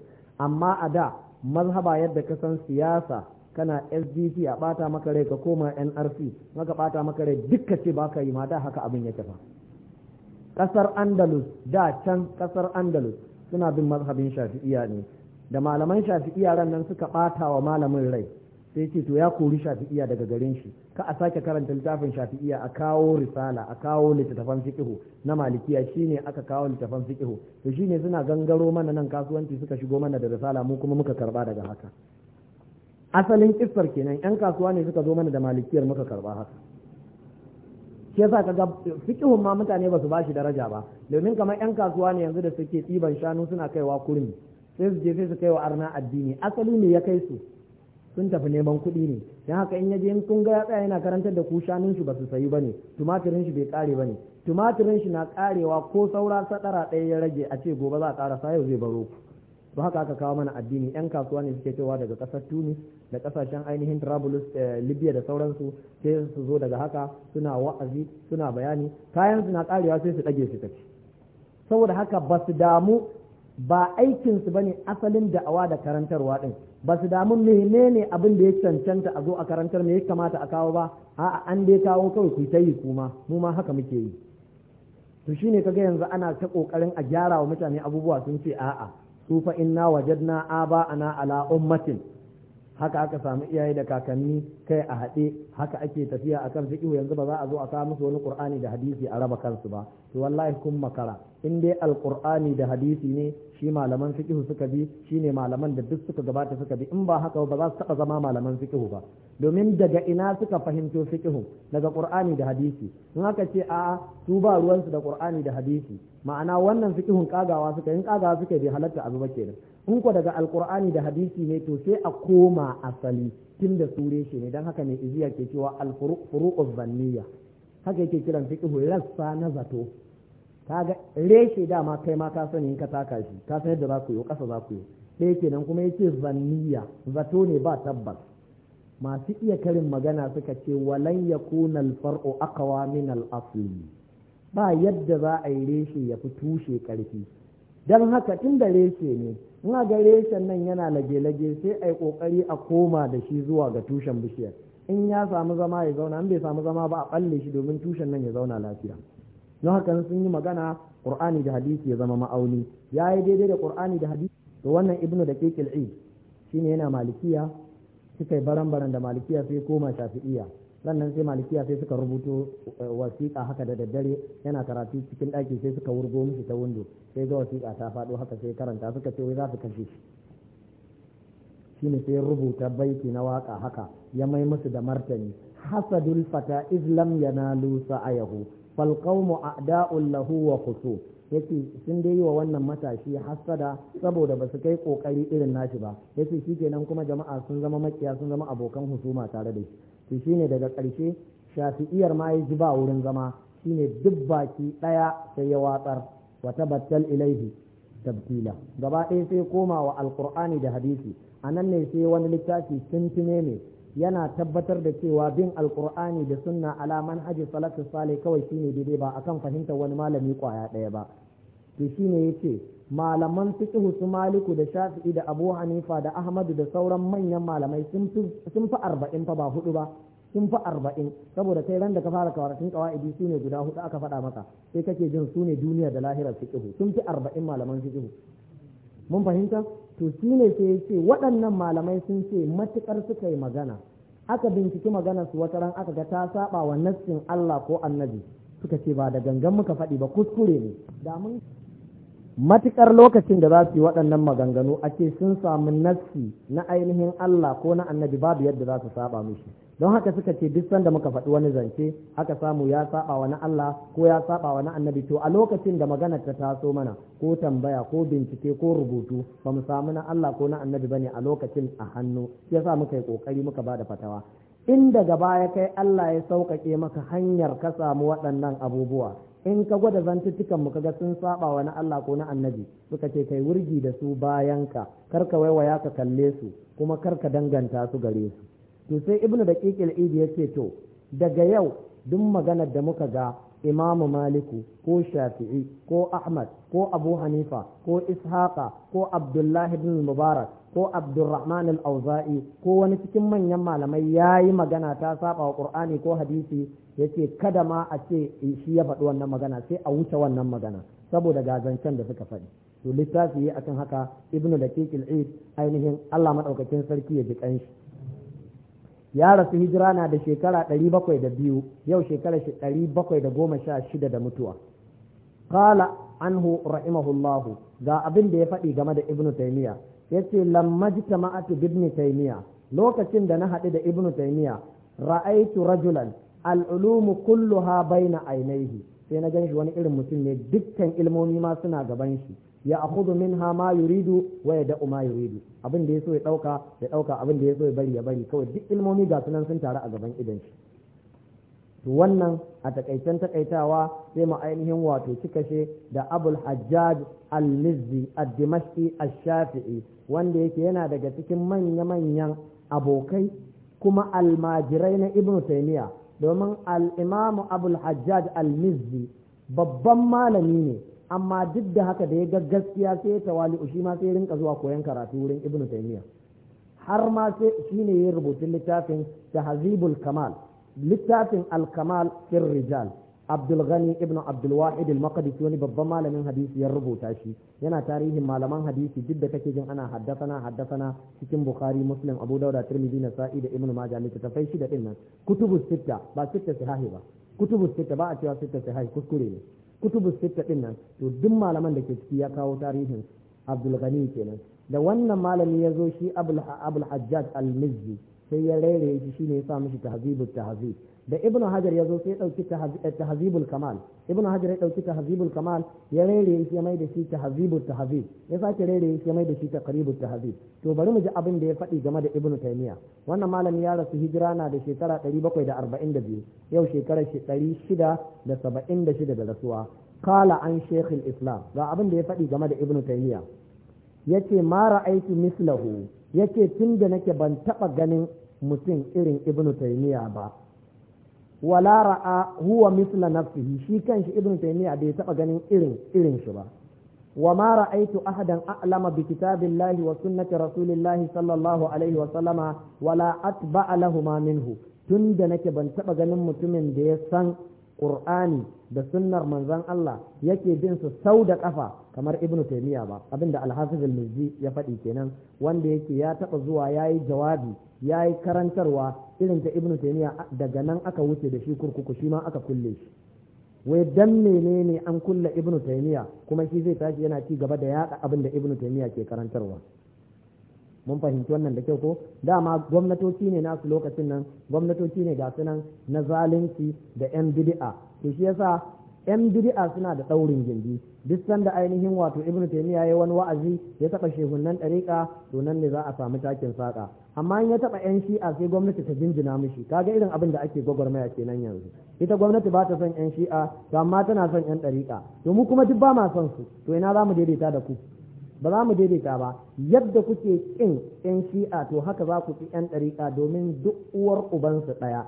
amma a da mazhaba yadda ka san siyasa kana sdp a bata maka rai ka koma nrc maka bata maka rai dukka ce baka yi ma da haka abin yake fa kasar andalus da can kasar andalus suna bin mazhabin shafi'iya ne da malaman shafi'iya ran nan suka bata wa malamin rai sai ce to ya kori shafi'iya daga garin shi ka a sake karanta littafin shafi'iya a kawo risala a kawo littattafan fiqhu na malikiya shine aka kawo littattafan fiqhu to shine suna gangaro mana nan kasuwanci suka shigo mana da risala mu kuma muka karba daga haka asalin kissar kenan yan kasuwa ne suka zo mana da malikiyar muka karba haka shi yasa kaga fiqhun ma mutane ba su bashi daraja ba domin kamar yan kasuwa ne yanzu da suke tsiban shanu suna kaiwa kurmi sai su je sai su kaiwa arna addini asali ne ya kai su sun tafi neman kuɗi ne don haka in yaje in kun ga ya tsaya yana karantar da ku shanun shi ba su sayi bane tumatirin shi bai kare bane tumatirin shi na karewa ko saura sadara ɗaya ya rage a ce gobe za a sa yau zai baro ku to haka aka kawo mana addini yan kasuwa ne suke cewa daga kasar tunis da kasashen ainihin trabulus eh, libya da sauransu sai su zo daga haka suna wa'azi suna bayani kayan su na karewa sai su ɗage su tafi saboda haka ba su damu ba aikinsu ba ne asalin da'awa da karantarwa ɗin ba su damu ne abin da ya cancanta a zo a karantar me ya kamata a kawo ba a'a an dai kawo kawai ku ta yi kuma mu ma haka muke yi to shine kaga yanzu ana ta kokarin a gyara wa mutane abubuwa sun ce a'a su fa inna wajadna aba'ana ala ummatin haka aka samu iyaye da kakanni kai a haɗe haka ake tafiya a kan fiƙihu yanzu ba za a zo a samu wani ƙur'ani da hadisi a raba kansu ba to wallahi kun makara in dai alƙur'ani da hadisi ne shi malaman fiƙihu suka bi shi ne malaman da duk suka gabata suka bi in ba haka ba za su taɓa zama malaman fiƙihu ba domin daga ina suka fahimto fiƙihu daga ƙur'ani da hadisi in aka ce a su ba ruwansu da ƙur'ani da hadisi ma'ana wannan fiƙihun kagawa suka in kagawa suka bi halatta abu ba kenan in ko daga alkur'ani da hadisi ne to sai a koma asali tun da sure shi ne don haka ne iziya ke cewa alfuru'u zanniya haka yake kiran fiqhu rassa na zato kaga reshe dama kai ma ka sani ka taka shi ka san yadda za ku yi kasa za ku yi ɗaya kenan kuma yace zanniya zato ne ba tabbas masu iya karin magana suka ce walan yakuna alfar'u aqwa min al ba yadda za a yi reshe ya fi tushe karfi don haka inda reshe ne ina ga reshen nan yana lage-lage sai a yi ƙoƙari a koma da shi zuwa ga tushen bishiyar in ya samu zama ya zauna in bai samu zama ba a ɓalle shi domin tushen nan ya zauna lafiya don haka sun yi magana ƙur'ani da hadisi ya zama ma'auni ya yi daidai da ƙur'ani da hadisi to wannan ibnu da kekil shi shine yana malikiya suka yi baran-baran da malikiya sai koma shafi'iya sannan sai malikiya sai suka rubuto eh, wasiƙa haka da daddare yana karatu cikin ɗaki sai suka wurgo mishi ta windo sai ga wasiƙa ta faɗo haka sai karanta suka ce wai za su kashe shi shine sai rubuta baiti na waka haka ya mai musu da martani hasadul fata islam yanalu sa'ayahu fal a a'da'un lahu wa khusu yace sun dai yi wa wannan matashi hasada saboda ba su kai kokari irin nashi ba yace shikenan kuma jama'a sun zama makiya sun zama abokan husuma tare da shi to ne daga ƙarshe shafi'iyar ma ya ji ba wurin zama shine duk baki ɗaya sai ya watsar wata battal ilaihi tabtila gaba ɗaya sai koma wa alƙur'ani da hadisi a nan ne sai wani littafi tuntune ne yana tabbatar da cewa bin alƙur'ani da sunna alaman manhaji salatu salih kawai shine daidai ba akan fahimtar wani malami kwaya ɗaya ba to shi ne ya ce. malaman fiqh su maliku da shafi'i da abu hanifa da ahmadu da sauran manyan malamai sun fi arba'in fa ba hudu ba sun fi arba'in saboda kai ran da ka fara karatun qawaidi su ne guda hudu aka faɗa maka sai kake jin su ne duniya da lahirar fiqh sun fi arba'in malaman fiqh mun fahimta to shi ne sai ya ce waɗannan malamai sun ce matukar suka yi magana aka binciki magana su wata ran aka ga ta saba wa nassin Allah ko annabi suka ce ba da gangan muka faɗi ba kuskure ne da mun matukar lokacin da za su yi waɗannan maganganu a ce sun samu nassi na ainihin Allah ko na annabi babu yadda za su saba mishi don haka suka ce duk sanda muka faɗi wani zance aka samu ya saba wa na Allah ko ya saba wa na annabi to a lokacin da maganar ta taso mana ko tambaya ko bincike ko rubutu ba mu samu na Allah ko na annabi ba ne a lokacin a hannu ya sa muka yi ƙoƙari muka ba da fatawa in daga baya kai Allah ya sauƙaƙe maka hanyar ka samu waɗannan abubuwa in ka gwada zantuttukan mu kaga sun saba wa na Allah ko na annabi suka ce kai wurgi da su bayan ka kar ka waiwaya ka kalle su kuma kar ka danganta su gare su to sai ibnu daqiqil idi yace to daga yau duk maganar da muka ga imamu maliku ko shafi'i ko ahmad ko abu hanifa ko ishaqa ko abdullahi ibn mubarak ko abdurrahman al-auza'i ko wani cikin manyan malamai ya yi magana ta saba wa qur'ani ko hadisi yace kada ma a ce shi ya faɗi wannan magana sai a wuce wannan magana saboda gazancen da suka faɗi to littafi akan haka ibnu daqiq al-eid ainihin Allah madaukakin sarki ya ji kanshi ya rasu hijira na da shekara ɗari da biyu yau shekara ɗari bakwai da goma sha shida da mutuwa qala anhu ra'imahullahu, ga abin da ya faɗi game da ibnu taymiya yace lamma jitama'atu ibn taymiya lokacin da na haɗu da ibnu taymiya ra'aitu rajulan al'ulumu kulluha baina ainihi sai na gan shi wani irin mutum ne dukkan ilmomi ma suna gaban shi ya akhudhu minha ma yuridu wa da'u ma yuridu abin da yaso ya dauka ya dauka abin da yaso ya bari ya bari kawai duk ilmomi ga sunan sun taru a gaban idan shi to wannan a takaicen takaitawa sai mu ainihin wato cikashe da abul hajjaj al-mizzi ad-dimashqi ash-shafi'i wanda yake yana daga cikin manya-manyan abokai kuma almajirai na ibnu taymiya domin al-imamu abul hajjaj al-mizzi babban malami ne amma duk da haka da ya ga gaskiya sai ya tawali shi ma sai rinka zuwa koyon karatu wurin ibn taymiya har ma sai shine ya rubuta littafin tahzibul kamal littafin al-kamal fir rijal Abdul Ghani ibn Abdul Wahid al-Maqdisi wani babban malamin hadisi ya rubuta shi yana tarihin malaman hadisi duk da kake jin ana haddasana haddasana cikin Bukhari Muslim Abu Dawud Tirmidhi Nasa'i da Ibn Majah littattafai shida din nan kutubus sitta ba sitta sahihi ba kutubus sitta ba a cewa sitta sahihi kuskure ne kutubu sitta din nan to duk malaman da ke ciki ya kawo tarihin Abdul Ghani kenan da wannan malami ya zo shi Abul Hajjaj Al-Mizzi sai ya rere shi shine ya sa mishi tahzibut tahzib da ibn hajar ya zo sai ya ɗauki tahzibul eh, kamal ibn hajar ya ɗauki tahzibul kamal ya rere shi ya mai da shi tahzibul tahzib ya sake rere shi ya mai da shi taqribul tahzib to bari mu ji abin da ya faɗi game da ibn taymiya wannan malami ya rasu hijira na da shekara 742 yau shekarar 676 da rasuwa kala an shekhul islam ga abin da ya faɗi game da ibn taymiya yace ma aiki mislahu yace tunda nake ban taɓa ganin mutum irin ibn taymiya ba wala ra'a huwa misla nafsihi shi kanshi Ibn taymiya bai taba ganin irin irin shi ba wa ma ra'aytu ahadan a'lama bi kitabillahi wa sunnati rasulillahi sallallahu alaihi wa sallama wala atba'a lahuma minhu tunda nake ban taba ganin mutumin da ya san Qur'ani da sunnar manzon Allah yake bin su sau da kafa kamar Ibn Taymiyyah ba abinda Al-Hafiz al-Mizzi ya faɗi kenan wanda yake ya taɓa zuwa yayi jawabi ya yi karantarwa irin ta ibnu taymiya daga nan aka wuce da shi kurkuku shi ma aka kulle shi wai dan menene an kulle ibnu taymiya kuma shi zai tashi yana ci gaba da yaɗa abin da ibnu taymiya ke karantarwa mun fahimci wannan da kyau ko dama gwamnatoci ne nasu lokacin nan gwamnatoci ne ga sunan na zalunci da yan bid'a to shi yasa yan bid'a suna da daurin gindi duk sanda ainihin wato ibnu taymiya yayi wani wa'azi ya taba shehunnan dariƙa to nan ne za a samu takin saka amma in ya taɓa yan shi'a sai gwamnati ta jinjina mishi kaga irin abin da ake gwagwarmaya kenan yanzu ita gwamnati ba ta son yan shi'a to amma tana son yan ɗariƙa to mu kuma duk ba ma son su to ina za mu daidaita da ku ba za mu daidaita ba yadda kuke ƙin yan shi'a to haka za ku ci yan ɗariƙa domin duk uwar ubansu ɗaya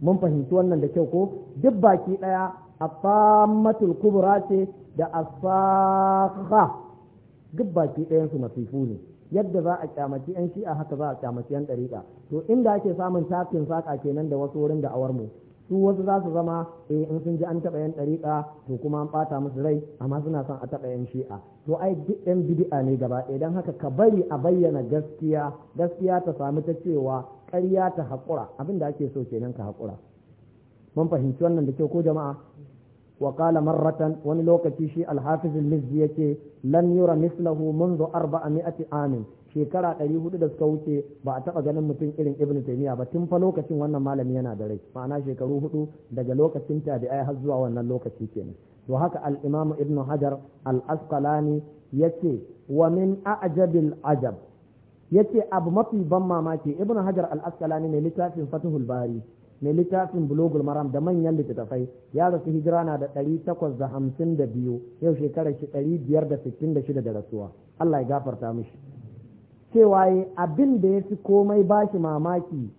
mun fahimci wannan da kyau ko duk baki ɗaya a famatul kubra ce da asakha duk baki ɗayan su masifu ne yadda za a kyamaci yan shi'a haka za a kyamaci yan ɗariƙa to inda ake samun tafin saƙa kenan da wasu wurin da'awar mu su wasu za su zama eh in sun ji an taɓa yan ɗariƙa to kuma an ɓata musu rai amma suna son a taɓa yan shi'a to ai duk yan bidi'a ne gaba ɗaya don haka ka bari a bayyana gaskiya gaskiya ta sami ta cewa ƙarya ta haƙura abin da ake so kenan ka haƙura mun fahimci wannan da kyau ko jama'a wa qala wani lokaci shi al-hafiz al-mizzi mislahu lan yura mislahu منذ 400 amin shekara ɗari hudu da suka wuce ba a taɓa ganin mutum irin ibnu taymiya ba tun fa lokacin wannan malami yana da rai ma'ana shekaru hudu daga lokacin tabi'ai har zuwa wannan lokaci kenan to haka Al'imam imamu ibnu hajar al-asqalani yace wa min a'jabil ajab yace abu mafi ban mamaki ibnu hajar al-asqalani ne littafin fathul bari mai littafin bulogul maram da manyan littattafai ya rasu hijira na da ɗari takwas da hamsin da biyu yau shekarar shi ɗari biyar da sittin da shida da rasuwa Allah ya gafarta mishi cewa ya abin da ya fi komai ba shi mamaki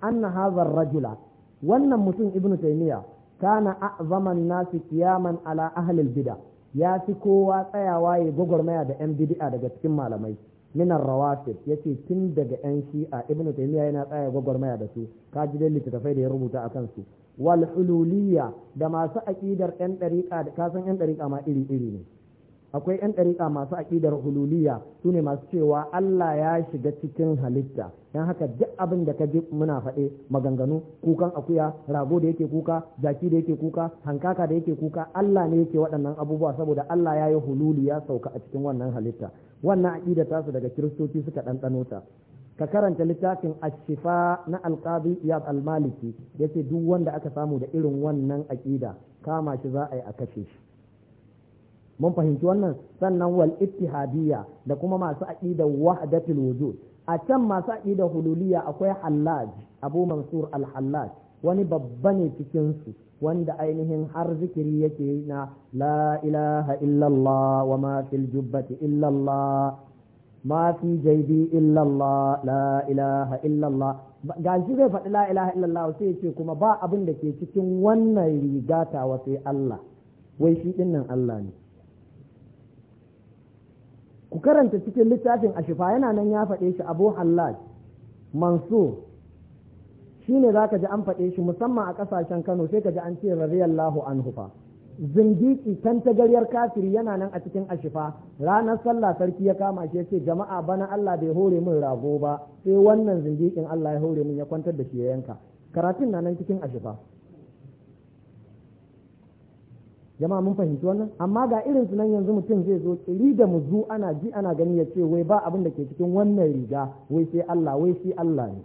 anna hazar rajula wannan mutum ibnu taimiyya kana zaman nasi kiyaman ala ahalil bid'a ya fi kowa tsayawa ya gwagwarmaya da yan bidi'a daga cikin malamai minar rawatib ce tun daga yan shi'a ibn taymiya yana tsaya gwagwarmaya da su ka ji dai littattafai da ya rubuta a kansu. wal hululiyya da masu aqidar yan dariqa da kasan yan dariqa ma iri iri ne akwai 'yan ɗariƙa masu aƙidar hululiya su ne masu cewa Allah ya shiga cikin halitta don haka duk abin da ka ji muna faɗe maganganu kukan akuya rago da yake kuka jaki da yake kuka hankaka da yake kuka Allah ne yake waɗannan abubuwa saboda Allah ya yi hululi ya sauka a cikin wannan halitta wannan aƙidar tasu daga kiristoci suka ɗanɗano ta ka karanta littafin ashifa na alqadi iyad almaliki yace duk wanda aka samu da irin wannan aƙida kama shi za a yi a kashe shi mun fahimci wannan sannan wal ittihadiyya da kuma masu aqidar wahdatul wujud a can masu aqidar hululiyya akwai hallaj abu mansur al hallaj wani babba ne cikin su wanda ainihin har zikiri yake na la ilaha illallah wa ma fil jubbati illallah ma fi jaybi illallah la ilaha illallah ga shi zai faɗi la ilaha illallah sai ce kuma ba abin da ke cikin wannan riga ta wa sai Allah wai shi dinnan Allah ne ku karanta cikin littafin ashifa yana nan ya faɗe shi abu hallaj mansur shi ne za ka ji an faɗe shi musamman a ƙasashen kano sai ka ji an ce radiyallahu an hufa zindiki kan tagaryar kafiri yana nan a cikin ashifa ranar sallah sarki ya kama shi ya ce jama'a bana allah bai hore min rago ba sai wannan zindikin allah ya hore min ya kwantar da shi ya yanka karatun na nan cikin ashifa jama'a mun fahimci wannan amma ga irin nan yanzu mutum zai zo tsiri da muzu ana ji ana gani ya ce wai ba abin da ke cikin wannan riga wai sai Allah wai sai Allah ne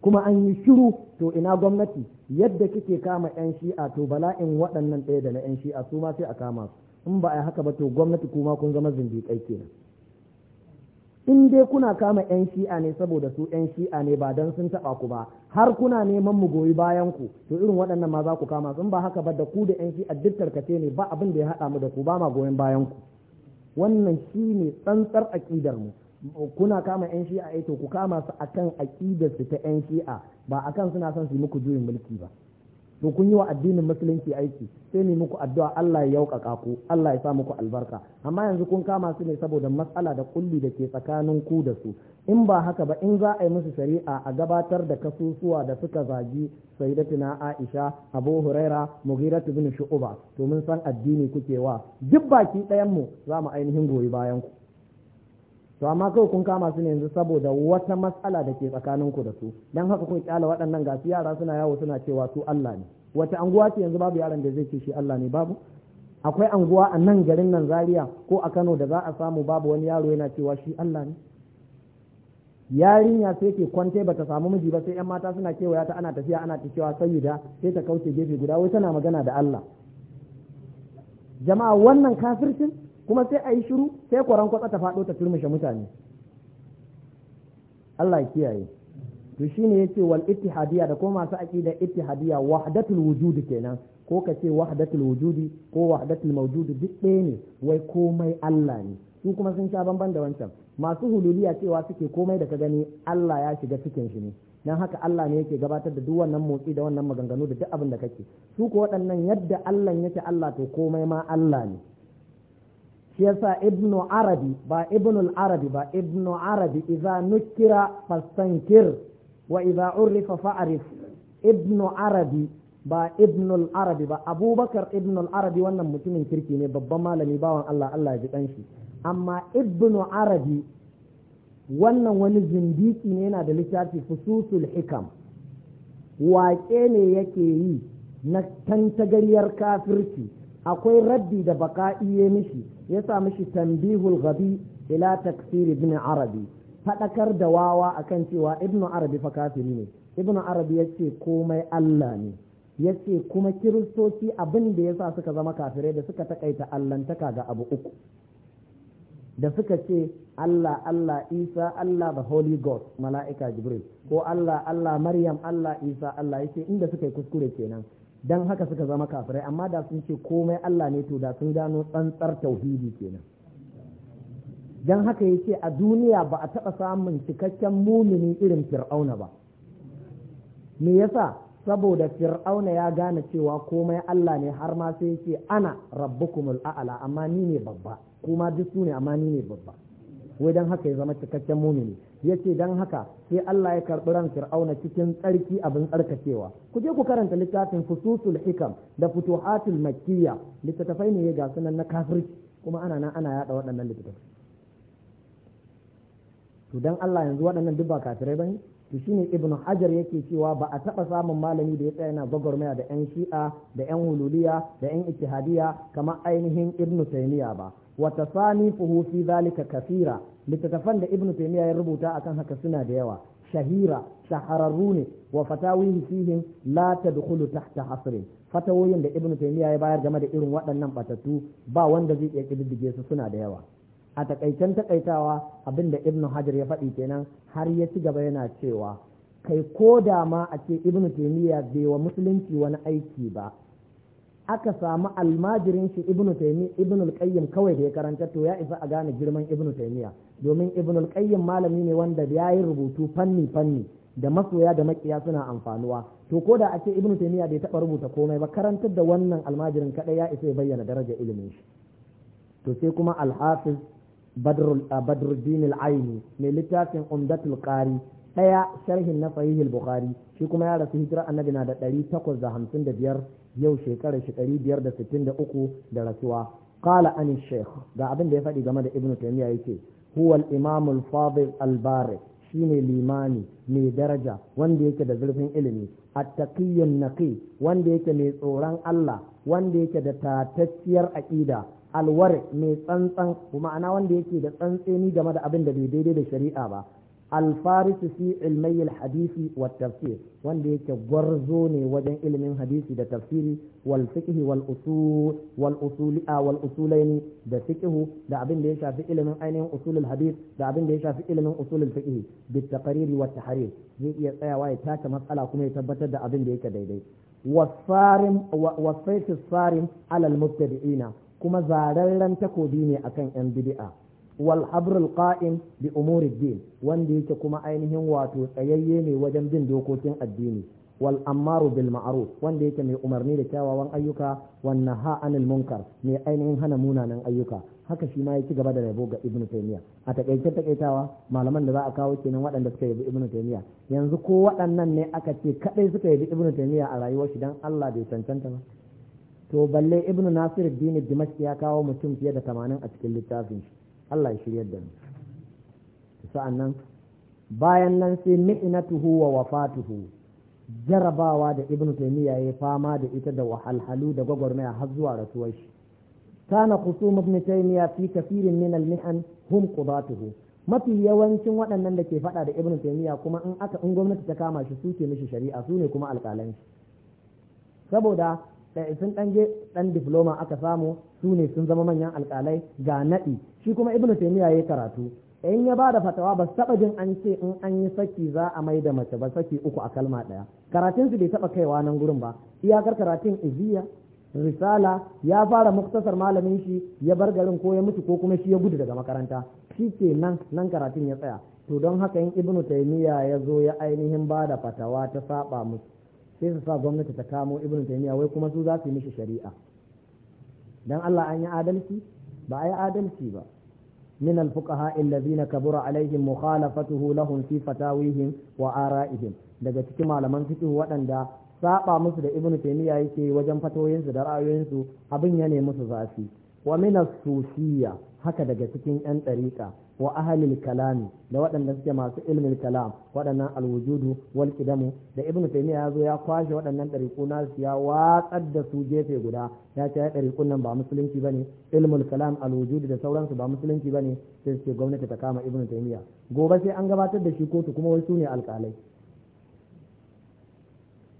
kuma an yi shiru to ina gwamnati yadda kike kama yan shi'a to bala'in waɗannan ɗaya da na yan shi'a su ma sai a kama su in ba a haka ba to gwamnati kuma kun zama zindiƙai kenan in dai kuna kama 'yan shi'a ne saboda su 'yan shi'a ne ba don sun taɓa ku ba har kuna neman mu goyi bayan ku to irin waɗannan ma za ku kama sun ba haka ba da ku da 'yan shi'a duk tarkace ne ba abin da ya haɗa mu da ku ba ma goyon bayan ku wannan shi ne tsantsar aƙidar mu kuna kama 'yan shi'a eh to ku kama su akan aƙidar su ta 'yan shi'a ba akan suna son su yi muku juyin mulki ba to kun yi wa addinin musulunci aiki sai ne muku addu'a Allah ya yauƙaƙa ku Allah ya sa muku albarka amma yanzu kun kama su ne saboda matsala da kulli da ke tsakanin ku da su in ba haka ba in za a yi musu shari'a a gabatar da kasusuwa da suka zagi na Aisha Abu Huraira Mughirah bin Shu'ba to mun san addini kuke wa duk baki ɗayan mu za mu ainihin goyi bayan ku to amma kawai kun kama su ne yanzu saboda wata matsala da ke tsakaninku da su dan haka kun kyala waɗannan ga su yara suna yawo suna cewa su Allah ne wata anguwa ce yanzu babu yaron da zai ce shi Allah ne babu akwai anguwa a nan garin nan Zaria ko a Kano da za a samu babu wani yaro yana cewa shi Allah ne yarinya sai ke kwante bata samu miji ba sai yan mata suna kewaya ta ana tafiya ana ta cewa sayyida sai ta kauce gefe guda wai tana magana da Allah jama'a wannan kafircin kuma sai a yi shiru sai kwaron kwatsa ta faɗo ta turmushe mutane Allah ya kiyaye to shine yace wal ittihadiyya da kuma masu aqida ittihadiyya wahdatul wujud kenan ko ka ce wahdatul wujudi ko wahdatul mawjud duk ɗaya ne wai komai Allah ne su kuma sun sha bamban da wancan masu hululiya cewa suke komai da ka gani Allah ya shiga cikin shi ne dan haka Allah ne yake gabatar da duk wannan motsi da wannan maganganu da duk abin da kake su ko waɗannan yadda Allah yake Allah to komai ma Allah ne shi yasa ibnu arabi ba ibnu arabi ba ibnu arabi idza nukira fastankir wa idza urifa fa'rif ibnu arabi ba ibnu arabi ba abubakar ibnu arabi wannan mutumin kirki ne babban malami bawan Allah Allah ya ji kanshi amma ibnu arabi wannan wani zindiki ne yana da littafi fususul hikam waƙe ne yake yi na tantagaryar kafirci akwai rabbi da baka'i ya mishi ya sa mishi tambihul gabi ila taksir ibn arabi faɗakar da wawa akan cewa ibn arabi fa kafiri ne ibn arabi ya ce komai allah ne ya ce kuma kiristoci abin da ya sa suka zama kafirai da suka takaita allantaka ga abu uku da suka ce Allah Allah Isa Allah the Holy God mala'ika Jibril ko Allah Allah Maryam Allah Isa Allah yace inda suka yi kuskure kenan dan haka suka zama kafirai amma da sun ce komai Allah ne to da sun gano tsantsar tauhidi kenan dan haka yace a duniya ba a taɓa samun cikakken mumini irin fir'auna ba me yasa saboda fir'auna ya gane cewa komai Allah ne har ma sai yace ana rabbukumul a'la amma ni ne babba kuma duk su ne amma ni ne babba wai dan haka ya zama cikakken mumini ya ce dan haka sai Allah ya karɓi ran Fir'auna cikin tsarki abin tsarkakewa ku je ku karanta littafin fususul hikam da futuhatul makkiya littattafai ne ya ga sunan na kafirci kuma ana nan ana yada waɗannan littattafai to dan Allah yanzu waɗannan duk ba kafirai bane to ne ibn hajar yake cewa ba a taɓa samun malami da ya tsaya na gwagwarmaya da yan shi'a da yan hululiya da yan ittihadiyya kamar ainihin ibn taymiya ba wa tasanifuhu fi zalika kasira littattafan da ibnu taymiya ya rubuta akan haka suna da yawa shahira shahararru ne wa fatawihi fihim la tadkhulu tahta hasrin fatawoyin da ibnu taymiya ya bayar game da irin waɗannan batattu ba wanda zai iya kididdige su suna da yawa a takaicen takaitawa abinda ibnu hajar ya faɗi kenan har ya ci gaba yana cewa kai ko da ma a ce ibnu taymiya bai wa musulunci wani aiki ba aka samu almajirin shi ibnu taymi ibnu qayyim kawai da ya karanta to ya isa a gane girman ibnu taymiya domin ibn al-qayyim malami ne wanda ya yi rubutu fanni fanni da masoya da makiya suna amfanuwa to ko da a ce ibn taymiya bai taba rubuta komai ba karantar da wannan almajirin kadai ya isa ya bayyana daraja ilimin shi to sai kuma al-hafiz badruddin al-aini mai littafin umdatul qari daya sharhin na sahih al-bukhari shi kuma ya rasu hijira annabi na da 855 yau shekarar shi 563 da rasuwa qala an shaykh ga abin da ya faɗi game da ibn taymiya yake huwa al-imam al al shine limani mai daraja wanda yake da zurfin ilimi at-taqiyyun naqi wanda yake mai tsoron Allah wanda yake da tatacciyar aƙida alwar mai tsantsan ma'ana wanda yake da tsantseni game da abin da bai daidai da shari'a ba الفارس في hadisi الحديث والتفسير wanda ya gwarzo ne wajen ilimin hadisi da tafsiri wal fiqh wal usul wal usul da fiqh da abin ya shafi ilimin ainihin usulul hadith da abinda ya shafi ilimin usulul fiqh bit taqrir wa tahrir zai iya tsayawa ya tace matsala kuma ya tabbatar da abinda da yake daidai wasarim wasaitu sarim alal mubtadi'ina kuma zararren takobi ne akan yan bid'a wal habrul qa'im bi umuri din wanda yake kuma ainihin wato tsayayye ne wajen bin dokokin addini wal ammaru bil ma'ruf wanda yake mai umarni da kyawawan ayyuka wan naha anil munkar mai ainihin hana munanan ayyuka haka shi ma ya ci gaba da rabo ga ibnu taymiya a takaice takaitawa malaman da za a kawo kenan waɗanda suka yabi ibnu taymiya yanzu ko waɗannan ne aka ce kadai suka yabi ibnu taymiya a rayuwar shi dan Allah bai cancanta ba to balle ibnu nasir dini ya kawo mutum fiye da 80 a cikin littafin shi Allah ya shirya da mu sa'an nan bayan nan sai tuhu wa wafatuhu jarabawa da ibnu taymiya ya fama da ita da wahalhalu da gwagwarmaya har zuwa rasuwar shi kana khusum ibn taymiya fi kafirin min al ku hum qudatuhu mafi yawancin waɗannan da ke faɗa da ibnu taymiya kuma in aka in gwamnati ta kama shi suke mishi shari'a su ne kuma alƙalan shi saboda sun ɗange je ɗan diploma aka samu su ne sun zama manyan alƙalai ga naɗi shi kuma ibnu ya yi karatu in ya ba da fatawa ba taɓa jin an ce in an yi saki za a mai da mace ba saki uku a kalma ɗaya karatun su bai taɓa kaiwa nan gurin ba iyakar karatun iziya risala ya fara muktasar malamin shi ya bar garin ko ya mutu ko kuma shi ya gudu daga makaranta shi ke nan nan karatun ya tsaya to don haka in ibnu taymiya ya zo ya ainihin ba da fatawa ta saba musu sai su sa gwamnati ta kamo ibn taymiya wai kuma su za su yi mishi shari'a dan Allah an yi adalci ba a yi adalci ba من الفقهاء kabura كبر عليهم مخالفته لهم في wa araihim daga cikin malaman fiqh waɗanda saba musu da ibnu taymiya yake wajen fatoyinsu da ra'ayoyinsu abin ya ne musu zafi wa min as haka daga cikin yan ɗariƙa wa ahlil kalami da waɗanda suke masu ilmin kalam waɗannan alwujudu wal qidamu da ibnu taymiya ya zo ya kwashe waɗannan ɗariƙu su ya watsar da su jefe guda ya ce ya nan ba musulunci bane ilmul kalam alwujudu da sauransu ba musulunci bane sai ce gwamnati ta kama ibnu taymiya gobe sai an gabatar da shi kotu kuma wai su ne alƙalai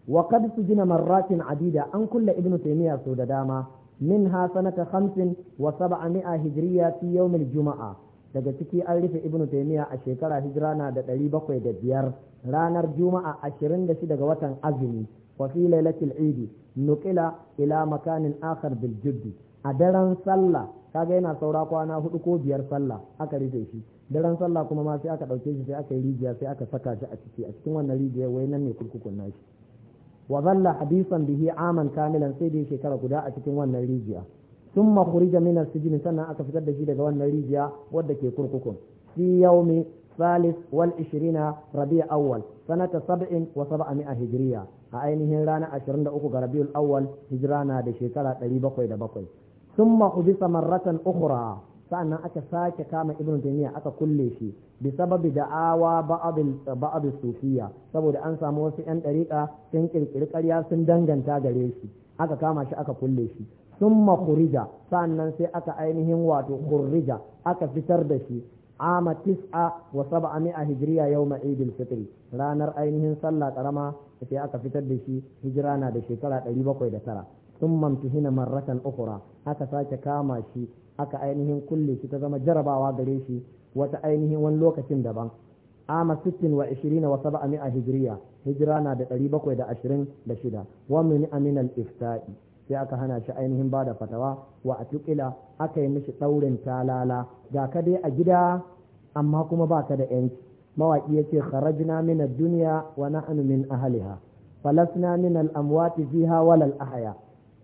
wa qad sujina marratin adida an kulla ibnu taymiya sau da dama min ha sanata 5 wa 700 hijriya fi yawm al-juma'a daga ciki an rufe ibnu taymiya a shekara hijira na da ɗari bakwai da biyar ranar juma'a ashirin da shida ga watan azumi wa fi lailatul idi nuqila ila makanin akhar bil a daren sallah kaga yana saura kwana hudu ko biyar sallah aka rufe shi daren sallah kuma ma sai aka dauke shi sai aka yi rijiya sai aka saka shi a ciki a cikin wannan rijiya wai nan ne kurkukun nashi wa zalla hadisan bihi aman kamilan sai da shekara guda a cikin wannan rijiya sun makuri da minar sijini sannan aka fitar da shi daga wannan rijiya wadda ke kurkukun fi yaumi salis wal ishirina rabi awwal sanata sab'in wa sab'a hijriya a ainihin ranar 23 ga rabiul awwal hijira na da shekara bakwai summa ubisa marratan ukhra sa'annan aka sake kama ibnu taymiya aka kulle shi bi sababi da'awa ba'd ba'd sufiya saboda an samu wasu yan dariƙa sun kirkiri ƙarya sun danganta gare shi aka kama shi aka kulle shi Summa kurija sannan sai aka ainihin wato kurrija aka fitar da shi ama tis'a wa sab'a mi'a hijriya yawma idil fitri ranar ainihin sallah karama sai aka fitar da shi hijira na da shekara ɗari bakwai da tara. imtihina marratan ukhra aka sake kama shi aka ainihin kulle shi ta zama jarrabawa gare shi wata ainihin wani lokacin daban ama 60 wa 20 wa sab'a mi'a hijriya hijira na da shida. wa min aminal ifta'i sai aka hana shi ainihin ba da fatawa wa a tukila aka yi mishi ɗaurin talala ga ka dai a gida amma kuma ba ka da yanci mawaƙi ya ce kharajna min ad-dunya wa na'nu min ahliha falasna min al-amwati fiha wal ahya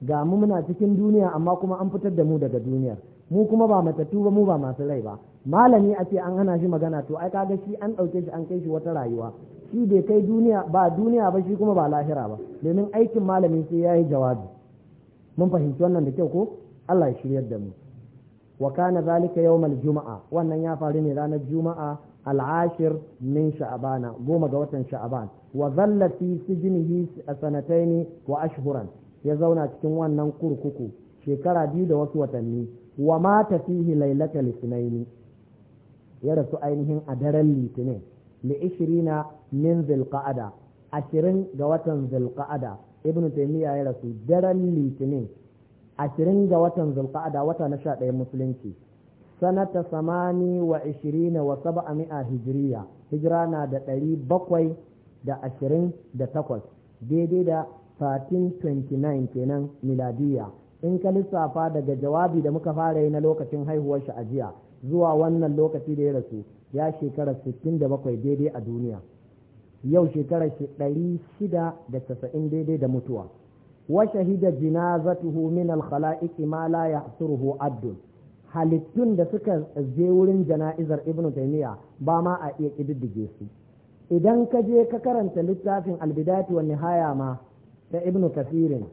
ga mu muna cikin duniya amma kuma an fitar da mu daga duniyar mu kuma ba matattu ba mu ba masu rai ba malami a ce an hana shi magana to ai kaga shi an ɗauke shi an kai shi wata rayuwa shi bai kai duniya ba duniya ba shi kuma ba lahira ba domin aikin malami sai ya yi jawabi mun fahimci wannan da kyau ko Allah ya shiryar da mu wa kana zalika yawmal juma'a wannan ya faru ne ranar juma'a al'ashir min sha'abana goma ga watan sha'aban wa zalla fi sijnihi sanataini wa ashhuran ya zauna cikin wannan kurkuku shekara biyu da wasu watanni wa mata fihi lailatal ithnaini ya rasu ainihin a daren litinin li ishirina min zulqa'ada ashirin ga watan zulqa'ada ibn taymiya ya rasu daren litinin ashirin ga watan zulqa'ada wata na sha ɗaya musulunci sanata samani wa ishirina wa saba'a mi'a hijiriya hijira na da ɗari bakwai da ashirin da takwas daidai da 1329 kenan miladiya in ka lissafa daga jawabi da muka fara yi na lokacin haihuwar shi a jiya zuwa wannan lokaci da ya rasu ya shekara 67 daidai a duniya yau shekara shi ɗari shida da casa'in daidai da mutuwa wa shahida jinazatuhu min al-khala'iq ma la ya'suruhu addun halittun da suka je wurin jana'izar ibn taymiya ba ma a iya kididdige su idan ka je ka karanta littafin albidati wa nihaya ma ta ibn kasirin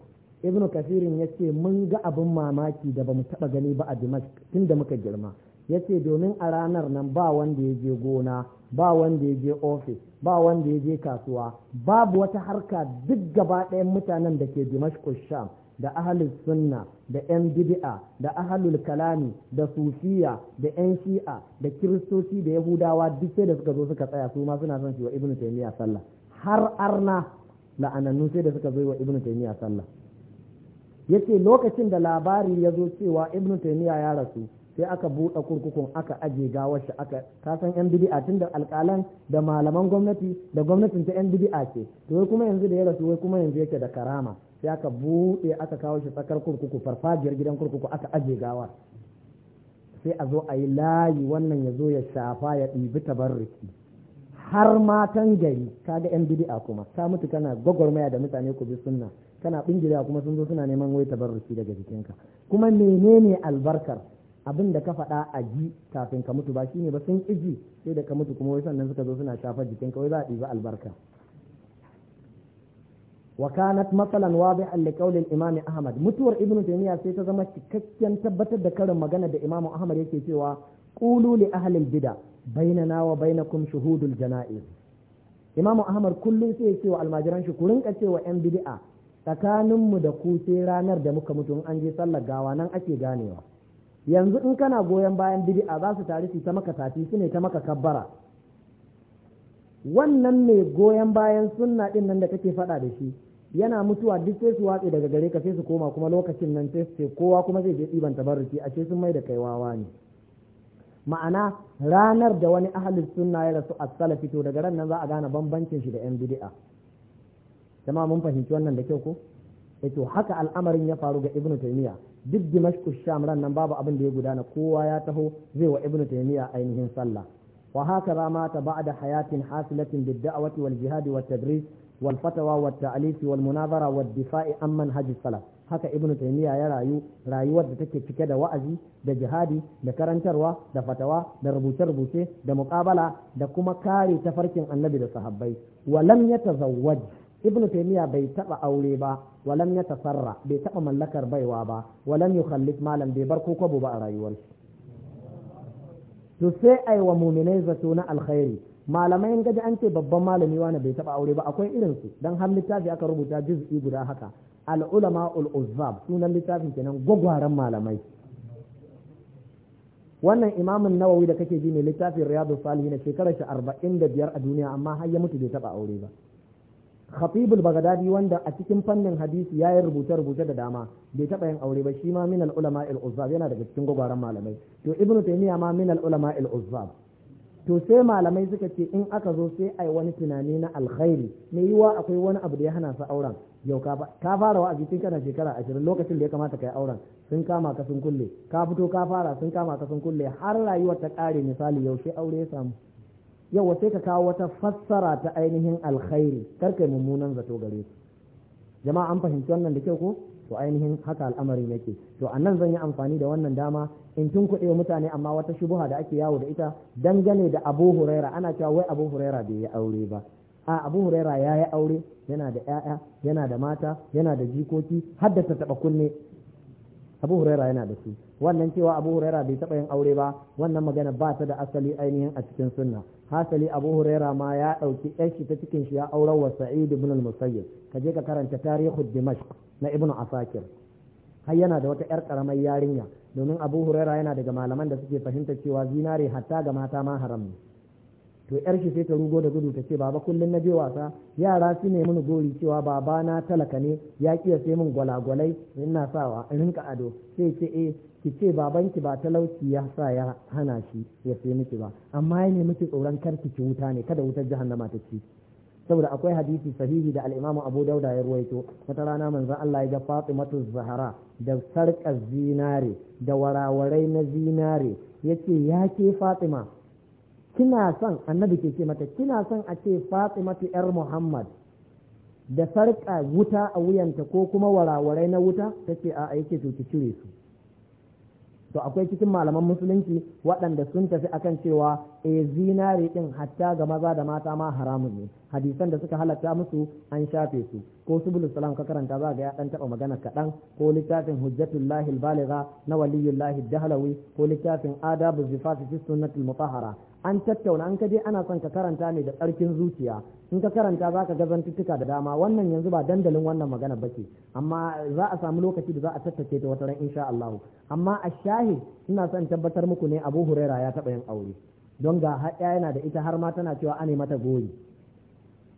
ibn kasirin ya ce mun ga abin mamaki da ba mu taɓa gani ba a dimash tunda muka girma ya ce domin a ranar nan ba wanda ya je gona ba wanda ya je ofis ba wanda ya je kasuwa babu wata harka duk gaba ɗayan mutanen da ke dimashku sham da ahalul sunna da 'yan bid'a da ahalul kalami da sufiya da 'yan shi'a da kiristoci da yahudawa duk sai da suka zo suka tsaya su ma suna son shi wa ibnu taymiya sallah har arna la'anannu sai da suka zo wa ibnu taymiya sallah yace lokacin da labari ya zo cewa ibnu taymiya ya rasu sai aka buɗe kurkukun aka aje gawar shi aka kasan yan bid'a tun da alƙalan da malaman gwamnati da gwamnatin ta yan bid'a ce to wai kuma yanzu da ya rasu wai kuma yanzu yake da karama sai aka buɗe aka kawo shi tsakar kurkuku farfajiyar gidan kurkuku aka ajiye gawar sai a zo a yi layi wannan ya zo ya shafa ya ɗibi tabarruki har matan gari kaga yan bid'a kuma ka mutu kana gwagwarmaya da mutane ku bi sunna kana bingirewa kuma sun zo suna neman wai tabarruki daga jikinka kuma menene albarkar abin da ka faɗa a ji kafin ka mutu ba shine ba sun ƙiji sai da ka mutu kuma wai sannan suka zo suna shafar jikin kawai za a ɗiba albarka wa kanat masalan wadihan li qawli imam ahmad mutuwar ibnu taymiya sai ta zama cikakken tabbatar da karin magana da imam ahmad yake cewa qulu li ahli al-bid'a bainana wa bainakum shuhudul jana'iz imam ahmad kullum sai ya cewa wa almajiran shi ku rinka cewa yan bid'a tsakaninmu da ku sai ranar da muka mutu in an je sallar gawa nan ake ganewa yanzu in kana goyon bayan bid'a za su tare su ta maka tafi su ne ta maka kabbara wannan mai goyon bayan sunna din nan da kake faɗa da shi yana mutuwa duk sai su watsi daga gare ka sai su koma kuma lokacin nan sai su kowa kuma zai je ɗiban tabarruki a ce sun mai da kai wawa ne ma'ana ranar da wani ahalin sunna ya rasu a to daga ran nan za a gane bambancin shi da yan bid'a jama'a mun fahimci wannan da kyau ko eto eh haka al'amarin ya faru ga ibnu taymiya duk dimashku sham ran nan babu abin da ya gudana kowa ya taho zai wa ibnu taymiya ainihin sallah wa haka rama ta ba'da hayatin hasilatin bid da'wati wal jihad wat tadris wal fatawa wat ta'lif wal munazara wad difa'i an manhaj salaf haka ibnu taymiya ya rayu rayuwar da take cike da wa'azi da jihadi da karantarwa da fatawa da rubuce rubuce da muqabala da kuma kare tafarkin annabi da sahabbai wa lam yatazawwaj ibn taymiya bai taɓa aure ba walam ya tasarra bai taɓa mallakar baiwa ba walam yukhallif malam bai bar ko kwabo ba a rayuwar shi to sai ai mu'minai zato na alkhairi malamai in gaji an ce babban malami wani bai taba aure ba akwai irin su dan har littafi aka rubuta juz'i guda haka al ulama uzzab sunan littafin kenan gwagwaran malamai wannan imamin nawawi da kake ji ne littafin riyadu salihin shekarar shi biyar a duniya amma har ya mutu bai taɓa aure ba خطيب البغدادي wanda a cikin fannin hadisi ya rubuta rubuce rubuce da dama bai taɓa yin aure ba shi ma min al ulama al uzzab yana daga cikin gogaran malamai to ibnu taymiya ma min al ulama al uzzab to sai malamai suka ce in aka zo sai ai wani tunani na alkhairi me yiwa akwai wani abu da ya hana su auren yau ka fara wa tun kana shekara 20 lokacin da ya kamata kai auren sun kama ka sun kulle ka fito ka fara sun kama ka sun kulle har rayuwar ta kare misali yaushe aure ya samu yawa sai ka kawo wata fassara ta ainihin alkhairi kar kai mummunan zato gare su jama'a an fahimci wannan da kyau ko to ainihin haka al'amarin yake to a nan zan yi amfani da wannan dama in tun kuɗe mutane amma wata shubuha da ake yawo da ita dangane da abu huraira ana cewa wai abu huraira bai yi aure ba a abu huraira ya yi aure yana da 'ya'ya yana da mata yana da jikoki har da ta taɓa kunne abu huraira yana da su wannan cewa abu huraira bai taɓa yin aure ba wannan magana ba ta da asali ainihin a cikin sunna hasali abu huraira ma ya ɗauki shi ta cikin shi ya aure wa sa'id ibn al-musayyib ka je ka karanta tarihud dimashq na ibn asakir har yana da wata yar karamar yarinya domin abu huraira yana daga malaman da suke fahimtar cewa zinare hatta ga mata ma haram ne to yar shi sai ta rugo da gudu ta ce baba kullum na je wasa yara su ne mini gori cewa baba na talaka ne ya kiya sai min gwalagwalai ina sawa in rinka ado sai ce eh ki ce babanki ba talauci ya sa ya hana shi ya sai miki ba amma ya nemi ki tsoron kar ki ci wuta ne kada wutar jahannama ta ci saboda akwai hadisi sahihi da al-Imam Abu Dauda ya ruwaito wata rana manzon Allah ya ga Fatimatu Zahara da sarƙar zinare da warawarai na zinare yace ya ke Fatima kina son annabi ke ce mata kina son a ce fatimatu yar muhammad da sarƙa wuta a wuyanta ko kuma warawarai na wuta ta ce a aiki to ki cire su to akwai cikin malaman musulunci waɗanda sun tafi akan cewa e zinari ɗin hatta ga maza da mata ma haramun ne hadisan da suka halatta musu an shafe su ko subulu salam ka karanta za ga ya ɗan taɓa magana kaɗan ko littafin hujjatullahi baliga na lahil dahalawi ko littafin adabu zifafi fi sunnatul mutahhara an tattauna an kaje ana son ka karanta ne da tsarkin zuciya in ka karanta za ka ga zantuttuka da dama wannan yanzu ba dandalin wannan magana ba ce amma za a samu lokaci da za a tattace ta wata ran insha Allah amma a shahid ina son tabbatar muku ne Abu Huraira ya taɓa yin aure don ga har yana da ita har ma tana cewa ane mata goyi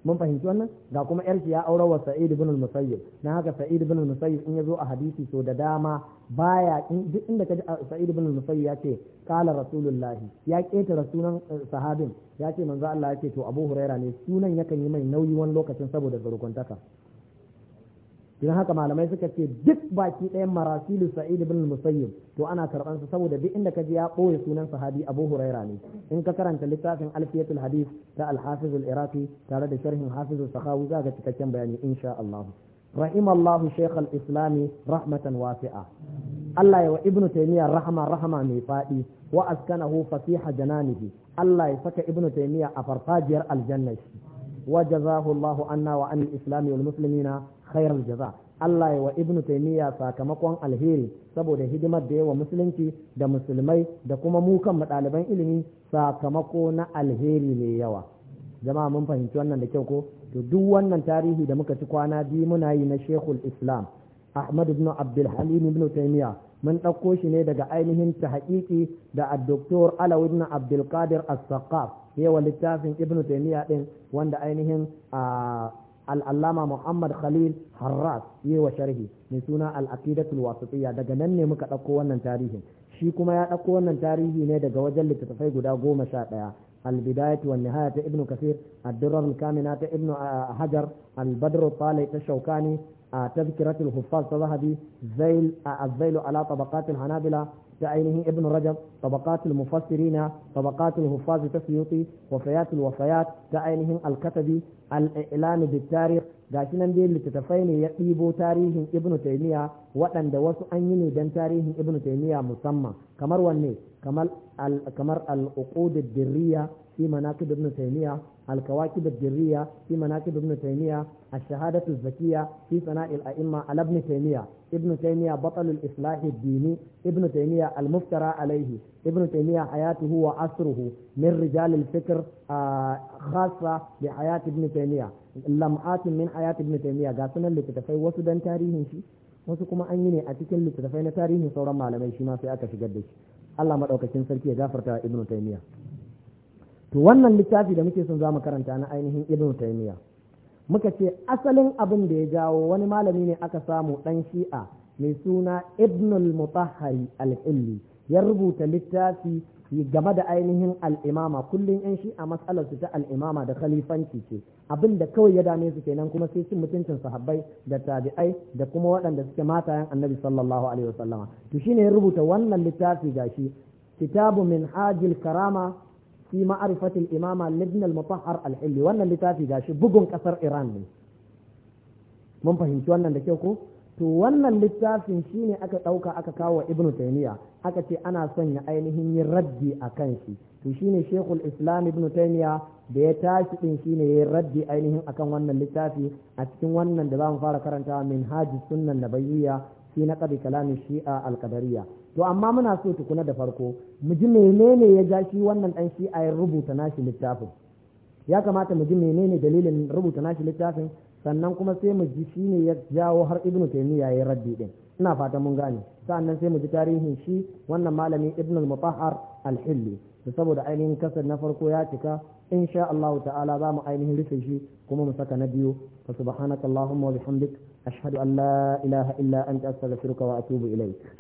mun fahimci wannan ga kuma yar shi ya aura wa sa'id ibn al-musayyib na haka sa'id ibn al-musayyib in yazo a hadisi so da dama baya duk inda kaji sa'id ibn al-musayyib ya ce qala rasulullahi ya keta sunan eh, sahabin ya ce manzo Allah ya ce to Abu Huraira ne sunan yakan yi mai nauyi wani lokacin saboda barkuntaka don haka malamai suka ce duk baki ɗayan marasilu sa'id ibn musayyib to ana karɓan su saboda duk inda ka je ya ɓoye sunan sahabi abu huraira ne in ka karanta littafin alfiyatul hadith ta al-hafiz al-iraqi tare da sharhin hafiz al-sakhawi za cikakken bayani insha Allah rahimallahu shaykh al-islam rahmatan wasi'a Allah ya wa ibnu taymiya rahma rahma mai fadi wa askanahu fasiha jananihi Allah ya saka ibnu taymiya a farfajiyar aljanna wa jazahu Allahu anna wa an al-islam wal muslimina khairal jaza Allah ya wa ibn taymiya sakamakon alheri saboda hidimar da yawa musulunci da musulmai da kuma mu kan ɗaliban ilimi sakamako na alheri mai yawa jama'a mun fahimci wannan da kyau ko to duk wannan tarihi da muka ci kwana biyu muna yi na shekul islam ahmad ibnu abdul halim ibn taymiya mun ɗauko shi ne daga ainihin ta haƙiƙi da addoktor alawi ibn abdulkadir as-saqaf yawa littafin ibn taymiya ɗin wanda ainihin a ah, al’allama muhammad khalil harras yi wa sharhi mai suna al’aqidatul wasitiya daga nan ne muka ɗauko wannan tarihin shi kuma ya ɗauko wannan tarihi ne daga wajen littattafai guda goma sha ɗaya albidayat wa nihaya ta ibnu kasir addurar kamina ta ibnu hajar albadru talai ta shaukani a tazkiratul huffaz ta zahabi zail a zailu ala tabaqatil hanabila da ainihin ibn rajab tabaqatul mufassirina tabaqatul huffaz tasyuti wafayatul wafayat da ainihin al-katabi al-i'lan bit-tarikh gashi nan dai littattafai ne ya ɗibo tarihin ibn taymiya waɗanda wasu an yi ne dan tarihin ibn taymiya musamman kamar wanne kamar al-uqud ad-dirriya fi manaqib ibn taymiya الكواكب الدرية في مناكب ابن تيمية الشهادة الزكية في ثناء الأئمة على ابن تيمية ابن تيمية بطل الإصلاح الديني ابن تيمية المفترى عليه ابن تيمية حياته وعصره من رجال الفكر خاصة بحياة ابن تيمية لمعات من حياة ابن تيمية قاسنا اللي تتفاي وسدن تاريخ wasu kuma an yi ne a cikin littattafai na tarihin sauran malamai shi ma sai aka shigar da shi Allah maɗaukakin sarki ya gafarta ibnu taymiya to wannan littafi da muke son za mu karanta na ainihin ibnu taymiya muka ce asalin abin da ya jawo wani malami ne aka samu dan shi'a mai suna ibnul mutahhari al-illi ya rubuta littafi game da ainihin al'imama kullum yan shi'a matsalar su ta al'imama da khalifanci ce abin da kawai ya dame su kenan kuma sai cin mutuncin sahabbai da tabi'ai da kuma waɗanda suke matayen annabi sallallahu alaihi wasallama to shine ya rubuta wannan littafi gashi kitabu min hajil karama fi ma'arifatil imama libn al-mutahhar al-hilli wannan littafi gashi bugun kasar Iran ne mun fahimci wannan da kyau ko to wannan littafin shine aka dauka aka kawo wa ibn taymiya aka ce ana son ya ainihin yin raddi akan shi to shine shekul islam ibn taymiya da ya tashi din shine ya raddi ainihin akan wannan littafi a cikin wannan da zamu fara karanta min haji sunnan nabawiyya fi naqdi kalami shi'a al-qadariyya to amma muna so tukuna da farko mu ji menene ya ja shi wannan dan shi a rubuta nashi littafin ya kamata mu ji menene dalilin rubuta nashi littafin sannan kuma sai mu ji shi ne ya jawo har ibnu taymiya ya raddi din ina fatan mun gane sannan sai mu ji tarihin shi wannan malami ibnu al-mutahhar al-hilli saboda ainihin kasar na farko ya cika insha Allah ta'ala za mu ainihin rufe shi kuma mu saka na biyu fa subhanakallahumma wa bihamdik ashhadu an la ilaha illa anta astaghfiruka wa atubu ilayk